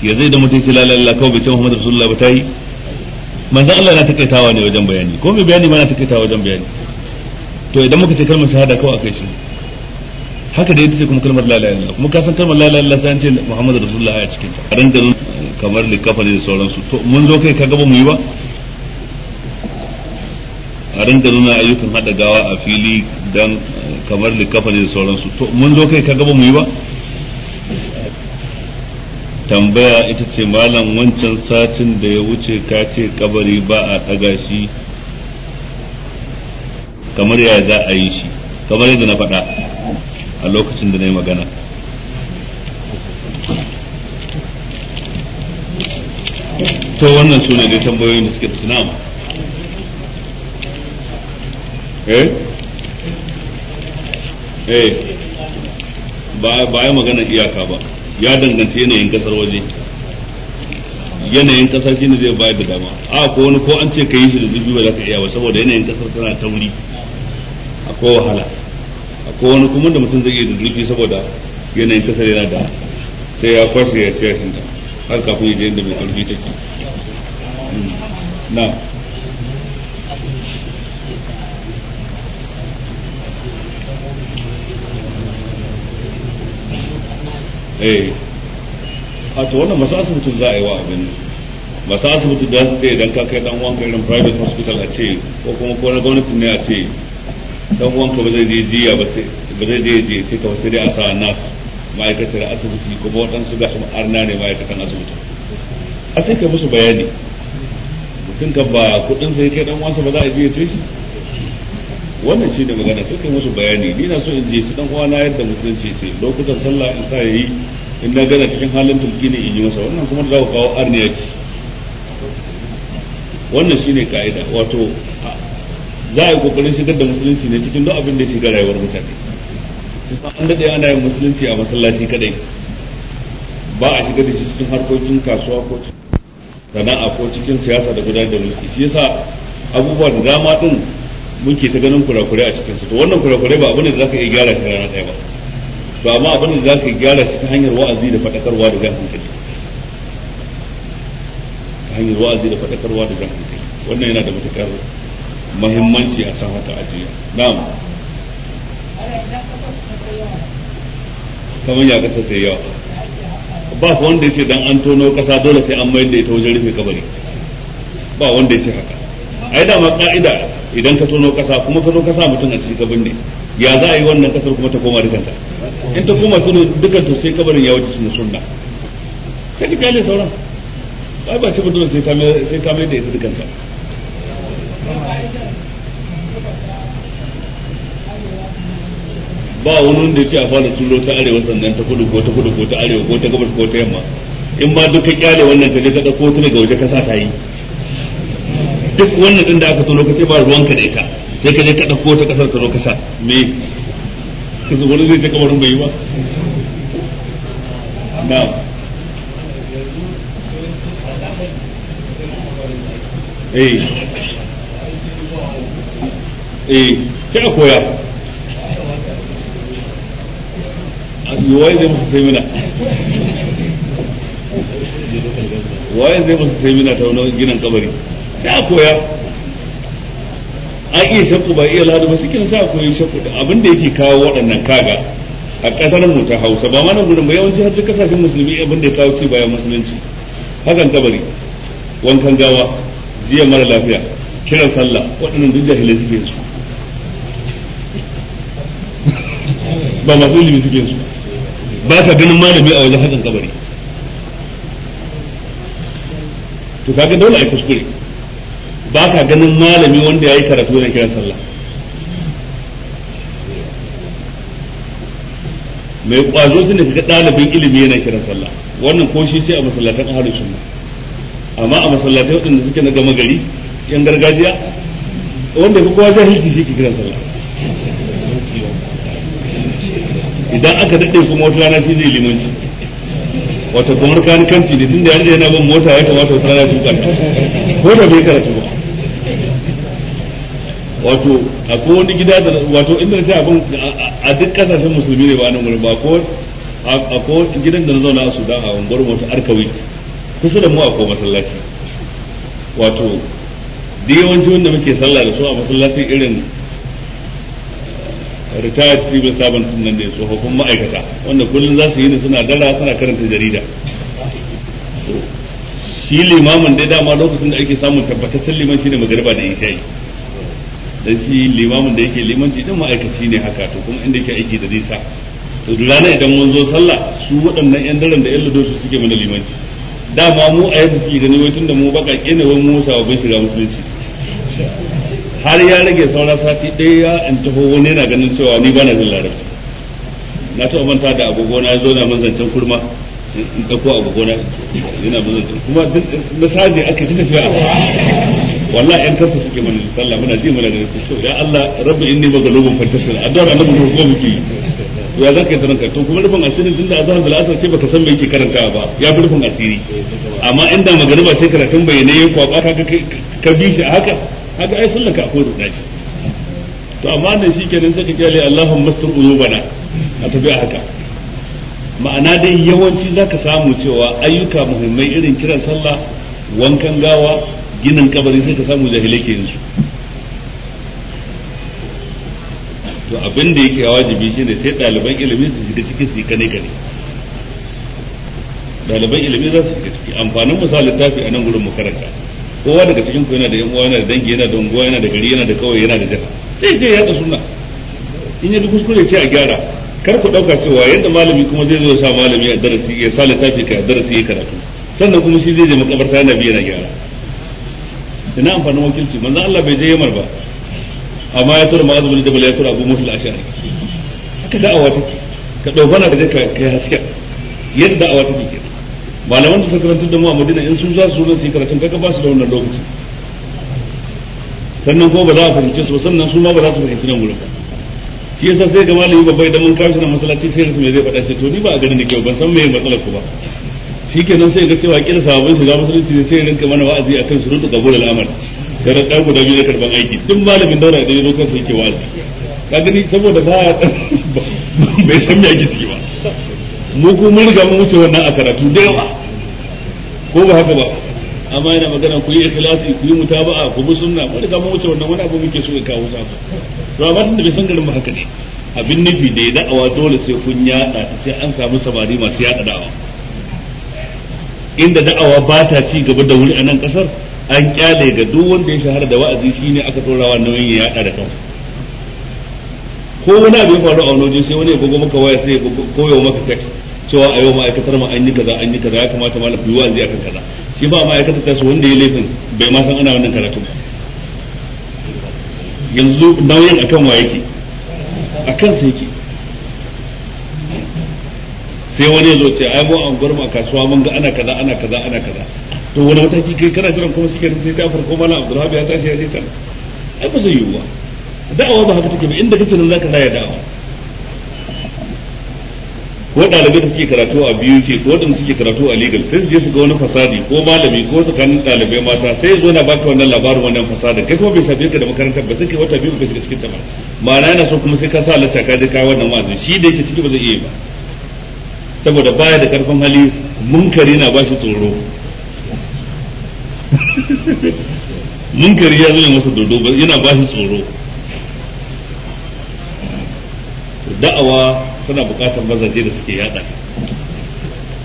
Speaker 1: ya zai da mutum ce la ilaha kawai bai ce muhammadu rasulullah ba ta yi manzon Allah na takaitawa ne wajen bayani ko mai bayani ma na takaitawa wajen bayani to idan muka ce kalmar shahada kawai akai shi haka da yadda ce kuma kalmar la ilaha illallah kuma ka san kalmar la ilaha illallah sai an ce muhammadu rasulullah a cikin sa a rinka kamar ne da sauransu to mun zo kai ka gaba mu yi ba a ringa nuna ayyukan hada gawa a fili dan eh, kamar likafani da sauransu to mun zo kai kaga ba mu yi ba tambaya ita ce malam wancan satin da ya wuce ka ce kabari ba a daga shi kamar ya za a yi shi kamar yadda na faɗa a lokacin da na yi magana to wannan su ne dai tambayoyin da suke tunawa eh eh ba ba ya magana iyaka ba ya danganta yanayin kasar waje yanayin kasar shi ne zai bayar da dama a ko wani ko an ce ka yi shi da dubi ba za ka iya ba saboda yanayin kasar tana tauri ko wahala a ko wani kuma da mutum zai yi da zurfi saboda yanayin kasar yana da sai ya kwashe ya ce ya har kafin ya je inda mai karfi take hmm. na eh a to wannan masu asibitin za a yi wa abin masu asibitin da su ce idan ka kai dan wanka irin private hospital a ce ko kuma ko na gwamnati ne a ce dan wanka ba zai je jiya ba sai ba zai je je sai ka wasu dai a sa nas ma'aikatar asibiti ba wadansu ga su arna ne ma'aikatan asibiti a sai kai musu bayani mutum ka ba kudin sai kai dan wansa ba za a je ya ce shi wannan shi ne magana suka musu bayani ni na so in je su dan uwana yadda musulunci ce lokutan sallah in sa yayi in na gana cikin halin tulki ne in yi masa wannan kuma za ku kawo arniya ce wannan shi ne ka'ida wato za a yi kokarin shigar da musulunci ne cikin duk abin da ya shiga rayuwar mutane an daɗe ana yin musulunci a masallaci kadai ba a shiga da shi cikin harkokin kasuwa ko sana'a ko cikin siyasa da gudanar da mulki shi yasa abubuwa da dama din muke ta ganin kurakure a cikin su to wannan kurakure ba abin da zaka iya gyara shi rana ɗaya ba to amma abin da zaka gyara shi ta hanyar wa'azi da fadakarwa da jan hankali ta hanyar wa'azi da fadakarwa da jan hankali wannan yana da matukar muhimmanci a san haka ajiya na'am kamar ya kasa ta yawa ba wanda ya ce dan an tono kasa dole sai an mayar da ita wajen rufe kabari ba wanda ya ce haka ai da ma ka'ida idan ka tono kasa kuma ka zo ka mutum a cikin kabin ne ya za a yi wannan kasar kuma ta koma rikanta in ta koma tudu dukkan to sai kabarin ya wuce sunna sunna sai ka gane sauran ai ba shi mutum sai ta sai ta mai da ita dukanta ba wani wanda ya ce a fara turo ta arewa sannan ta kudu ko ta kudu ko ta arewa ko ta gabas ko ta yamma in ma duka kyale wannan ka je ka dauko ta daga waje ka sa ta yi duk wannan din da aka so lokaci ba ruwan ka da ita sai ka je ka dauko ta ƙasar ka zo ka sa me kaza wani zai ta kamarin bai yi ba na'am eh eh kina koya waye zai musu sai mina waye zai musu sai mina ta wani ginin kabari sai a koya a iya shakku ba iya ladu ba cikin sa koyi shakku da abin da yake kawo waɗannan kaga a ƙasar mu ta Hausa ba mana gudun ba yawanci har kasashen musulmi abin da ya kawo ci bayan musulunci hakan kabari wankan gawa jiya mara lafiya kiran sallah waɗannan duk jahilai suke su ba masu ilimi suke su ba ka ganin malami a wajen hakan kabari to kaga dole a kuskure ba ka ganin malami wanda ya yi karatu yana kiran sallah mai kwazo su ne ka ɗalibin ilimi yana kiran sallah wannan ko shi ce a masallatan ahalin sunna amma a masallatan waɗanda suke na gama gari yan gargajiya wanda fi kowa jahilci shi ke kiran sallah idan aka daɗe kuma wata rana shi zai limanci wata kuma kan kanci ne tun da yanzu yana bin mota ya kamata wata rana shi kan ko da bai karatu ba wato akwai wani gida da wato inda sai abin a duk kasashen musulmi ne ba nan gurin ba ko akwai gidan da na zauna a Sudan a unguwar mota arkawi kusa da mu akwai masallaci wato da yawanci wanda muke sallah da su a masallaci irin eh, retired civil servant nan da hukun ma'aikata wanda kullum za su yi ne suna dara suna karanta jarida shi limamin dai dama lokacin da ake samun tabbataccen liman shine magariba da isha'i dan shi limamin da yake limanci din ma'aikaci ne haka to kuma inda yake aiki da zai sa to rana idan mun zo sallah su waɗannan yan daren da yan lado su suke mana limanci dama mu a yadda suke gani wai tunda mu baka kene wai mu sababbin shiga musulunci har ya rage saura sati ɗaya in taho wani yana ganin cewa ni bana jin larabci na taɓa manta da agogo na zo na manzancen kurma in ɗauko na yana manzancen kuma misali ake tafiya wallahi yan kansu suke mana sallah muna ji muna ganin so ya Allah rabbi inni maghlubun fantasil addu'ar annabi ko ko miki ya zaka yi taranka to kuma rufin asiri tun da azhar da asar sai baka san me yake karanta ba ya fi rufin asiri amma inda magariba sai karatun bayyane ya kwaba ka ka bi shi haka haka ai sallar a ko da dace to amma nan shikenan sai ka kyale Allahumma mastur ulubana a tafi haka ma'ana dai yawanci zaka samu cewa ayyuka muhimmai irin kiran sallah wankan gawa ginin kabari sai ka samu jahilai ke yin su to abin da yake wajibi shine sai ɗaliban ilimi su shiga cikin su kane kane ɗaliban ilimi za su shiga ciki amfanin misali littafi a nan gurin makaranta kowa daga cikin ku yana da yan uwa yana da dangi yana da unguwa yana da gari yana da kawai yana da jaha sai je ya suna in yi kuskure ce a gyara kar ku ɗauka cewa yadda malami kuma zai zo sa malami a darasi ya sa littafi ka darasi ya karatu sannan kuma shi zai je makabarta yana biyana gyara ina amfanin wakilci manzo Allah bai je Yamar ba amma ya tura ma'azu bin jabal ya tura Abu Musa al-Ashari haka da'awa take ka dogana da kai kai haske yadda da'awa take kenan malaman da suka tun da mu a Madina in sun za su zo su yi karatun kaga ba su da wannan lokaci sannan ko ba za a fahimce su sannan su ma ba za su fahimci nan gurin shi yasa sai ga malami babba idan mun kawo shi na masallaci sai rasu me zai faɗa ce to ni ba a gani ni kyau ban san me matsalar ku ba shikenan sai ga cewa kin sabon shiga musulunci ne sai rinka mana wa'azi akan surutu qabul al-amal kada da guda biyu karban aiki duk malamin daura da yaro kansa yake wa'azi ka gani saboda ba bai san me yake ciki ba mu ko mun riga mun wuce wannan a karatu da yawa ko ba haka ba amma yana magana ku yi ikhlasi ku yi mutaba'a ku bi sunna mun riga mun wuce wannan wani abu muke so ya kawo sabo to amma tunda bai san garin mu haka ne abin nufi da ya da'awa dole sai kun yada sai an samu samari masu yada da'awa inda da'awa ba ta ci gaba da wuri a nan kasar an kyale ga duk wanda ya shahara da wa'azi shine aka wa nauyin ya yada da kansa ko wani abu ya faru a wani sai wani ya gogo maka waya sai ya koyo maka tek cewa a yau ma'aikatar ma an yi kaza an yi kaza ya kamata malam ku yi wa'azi akan kaza shi ba ma'aikatar ta su wanda ya laifin bai ma san ana wannan karatu yanzu nauyin akan wa yake akan sai yake sai wani ya zo ce ai mu an gurma kasuwa mun ga ana kaza ana kaza ana kaza to wani mataki kai kana jiran kuma shi kenan sai ta farko malam abdulrahman ya tashi ya je can ai ba zai yi ba da'awa ba haka take ba inda kake nan zaka raya da'awa ko ɗalibai da suke karatu a biyu ke ko waɗanda suke karatu a legal sai su je su ga wani fasadi ko malami ko su kan dalibai mata sai zo na baka wannan labarin wannan fasadin kai kuma bai shafe ka da makarantar ba sai kai wata biyu ka shiga cikin ta ba ma'ana yana so kuma sai ka sa lacca ka je ka wannan wa'azi shi da yake ciki ba zai iya ba saboda baya da karfin hali munkari na bashi tsoro munkari ya zo masa dodo yana bashi tsoro da'awa tana bukatar mazaje da suke yada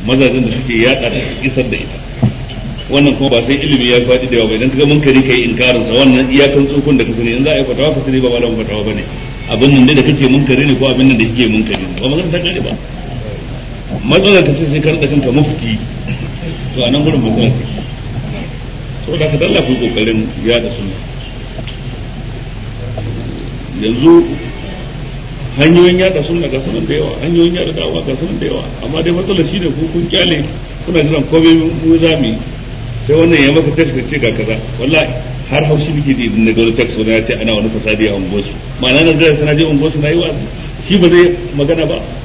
Speaker 1: mazajen da suke yada da isar da ita wannan kuma ba sai ilimi ya faɗi da yawa ba idan kaga munkari kai inkarin sa wannan iyakan tsokon da kake ne in za a yi fatawa ka sani ba malamin fatawa bane abin nan da kake munkari ne ko abin nan da kike munkari ba magana ta kare ba matsalar ta sai ka rada kanka mafiti to a nan gudun bukwan ka to da ka dalla ku kokarin ya da suna yanzu hanyoyin ya da suna ga sunan da yawa hanyoyin ya da dawa ga sunan da yawa amma dai matsalar shi ne ku kun kyale kuna jiran komai mu za mu sai wannan ya maka da ce ga kaza wallahi har haushi muke da idan daga wani text wani ya ce ana wani fasadi a unguwarsu ma'ana nan zai sana je unguwarsu na yi wa shi ba zai magana ba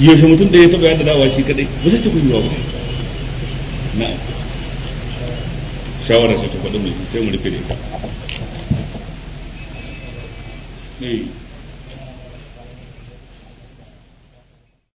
Speaker 1: yaushe mutum da ya taba yadda dawa shi kadai ba zai ta gwiwa ba na shawara sai ta faɗi mai sai mu rufe da ita
Speaker 2: eh.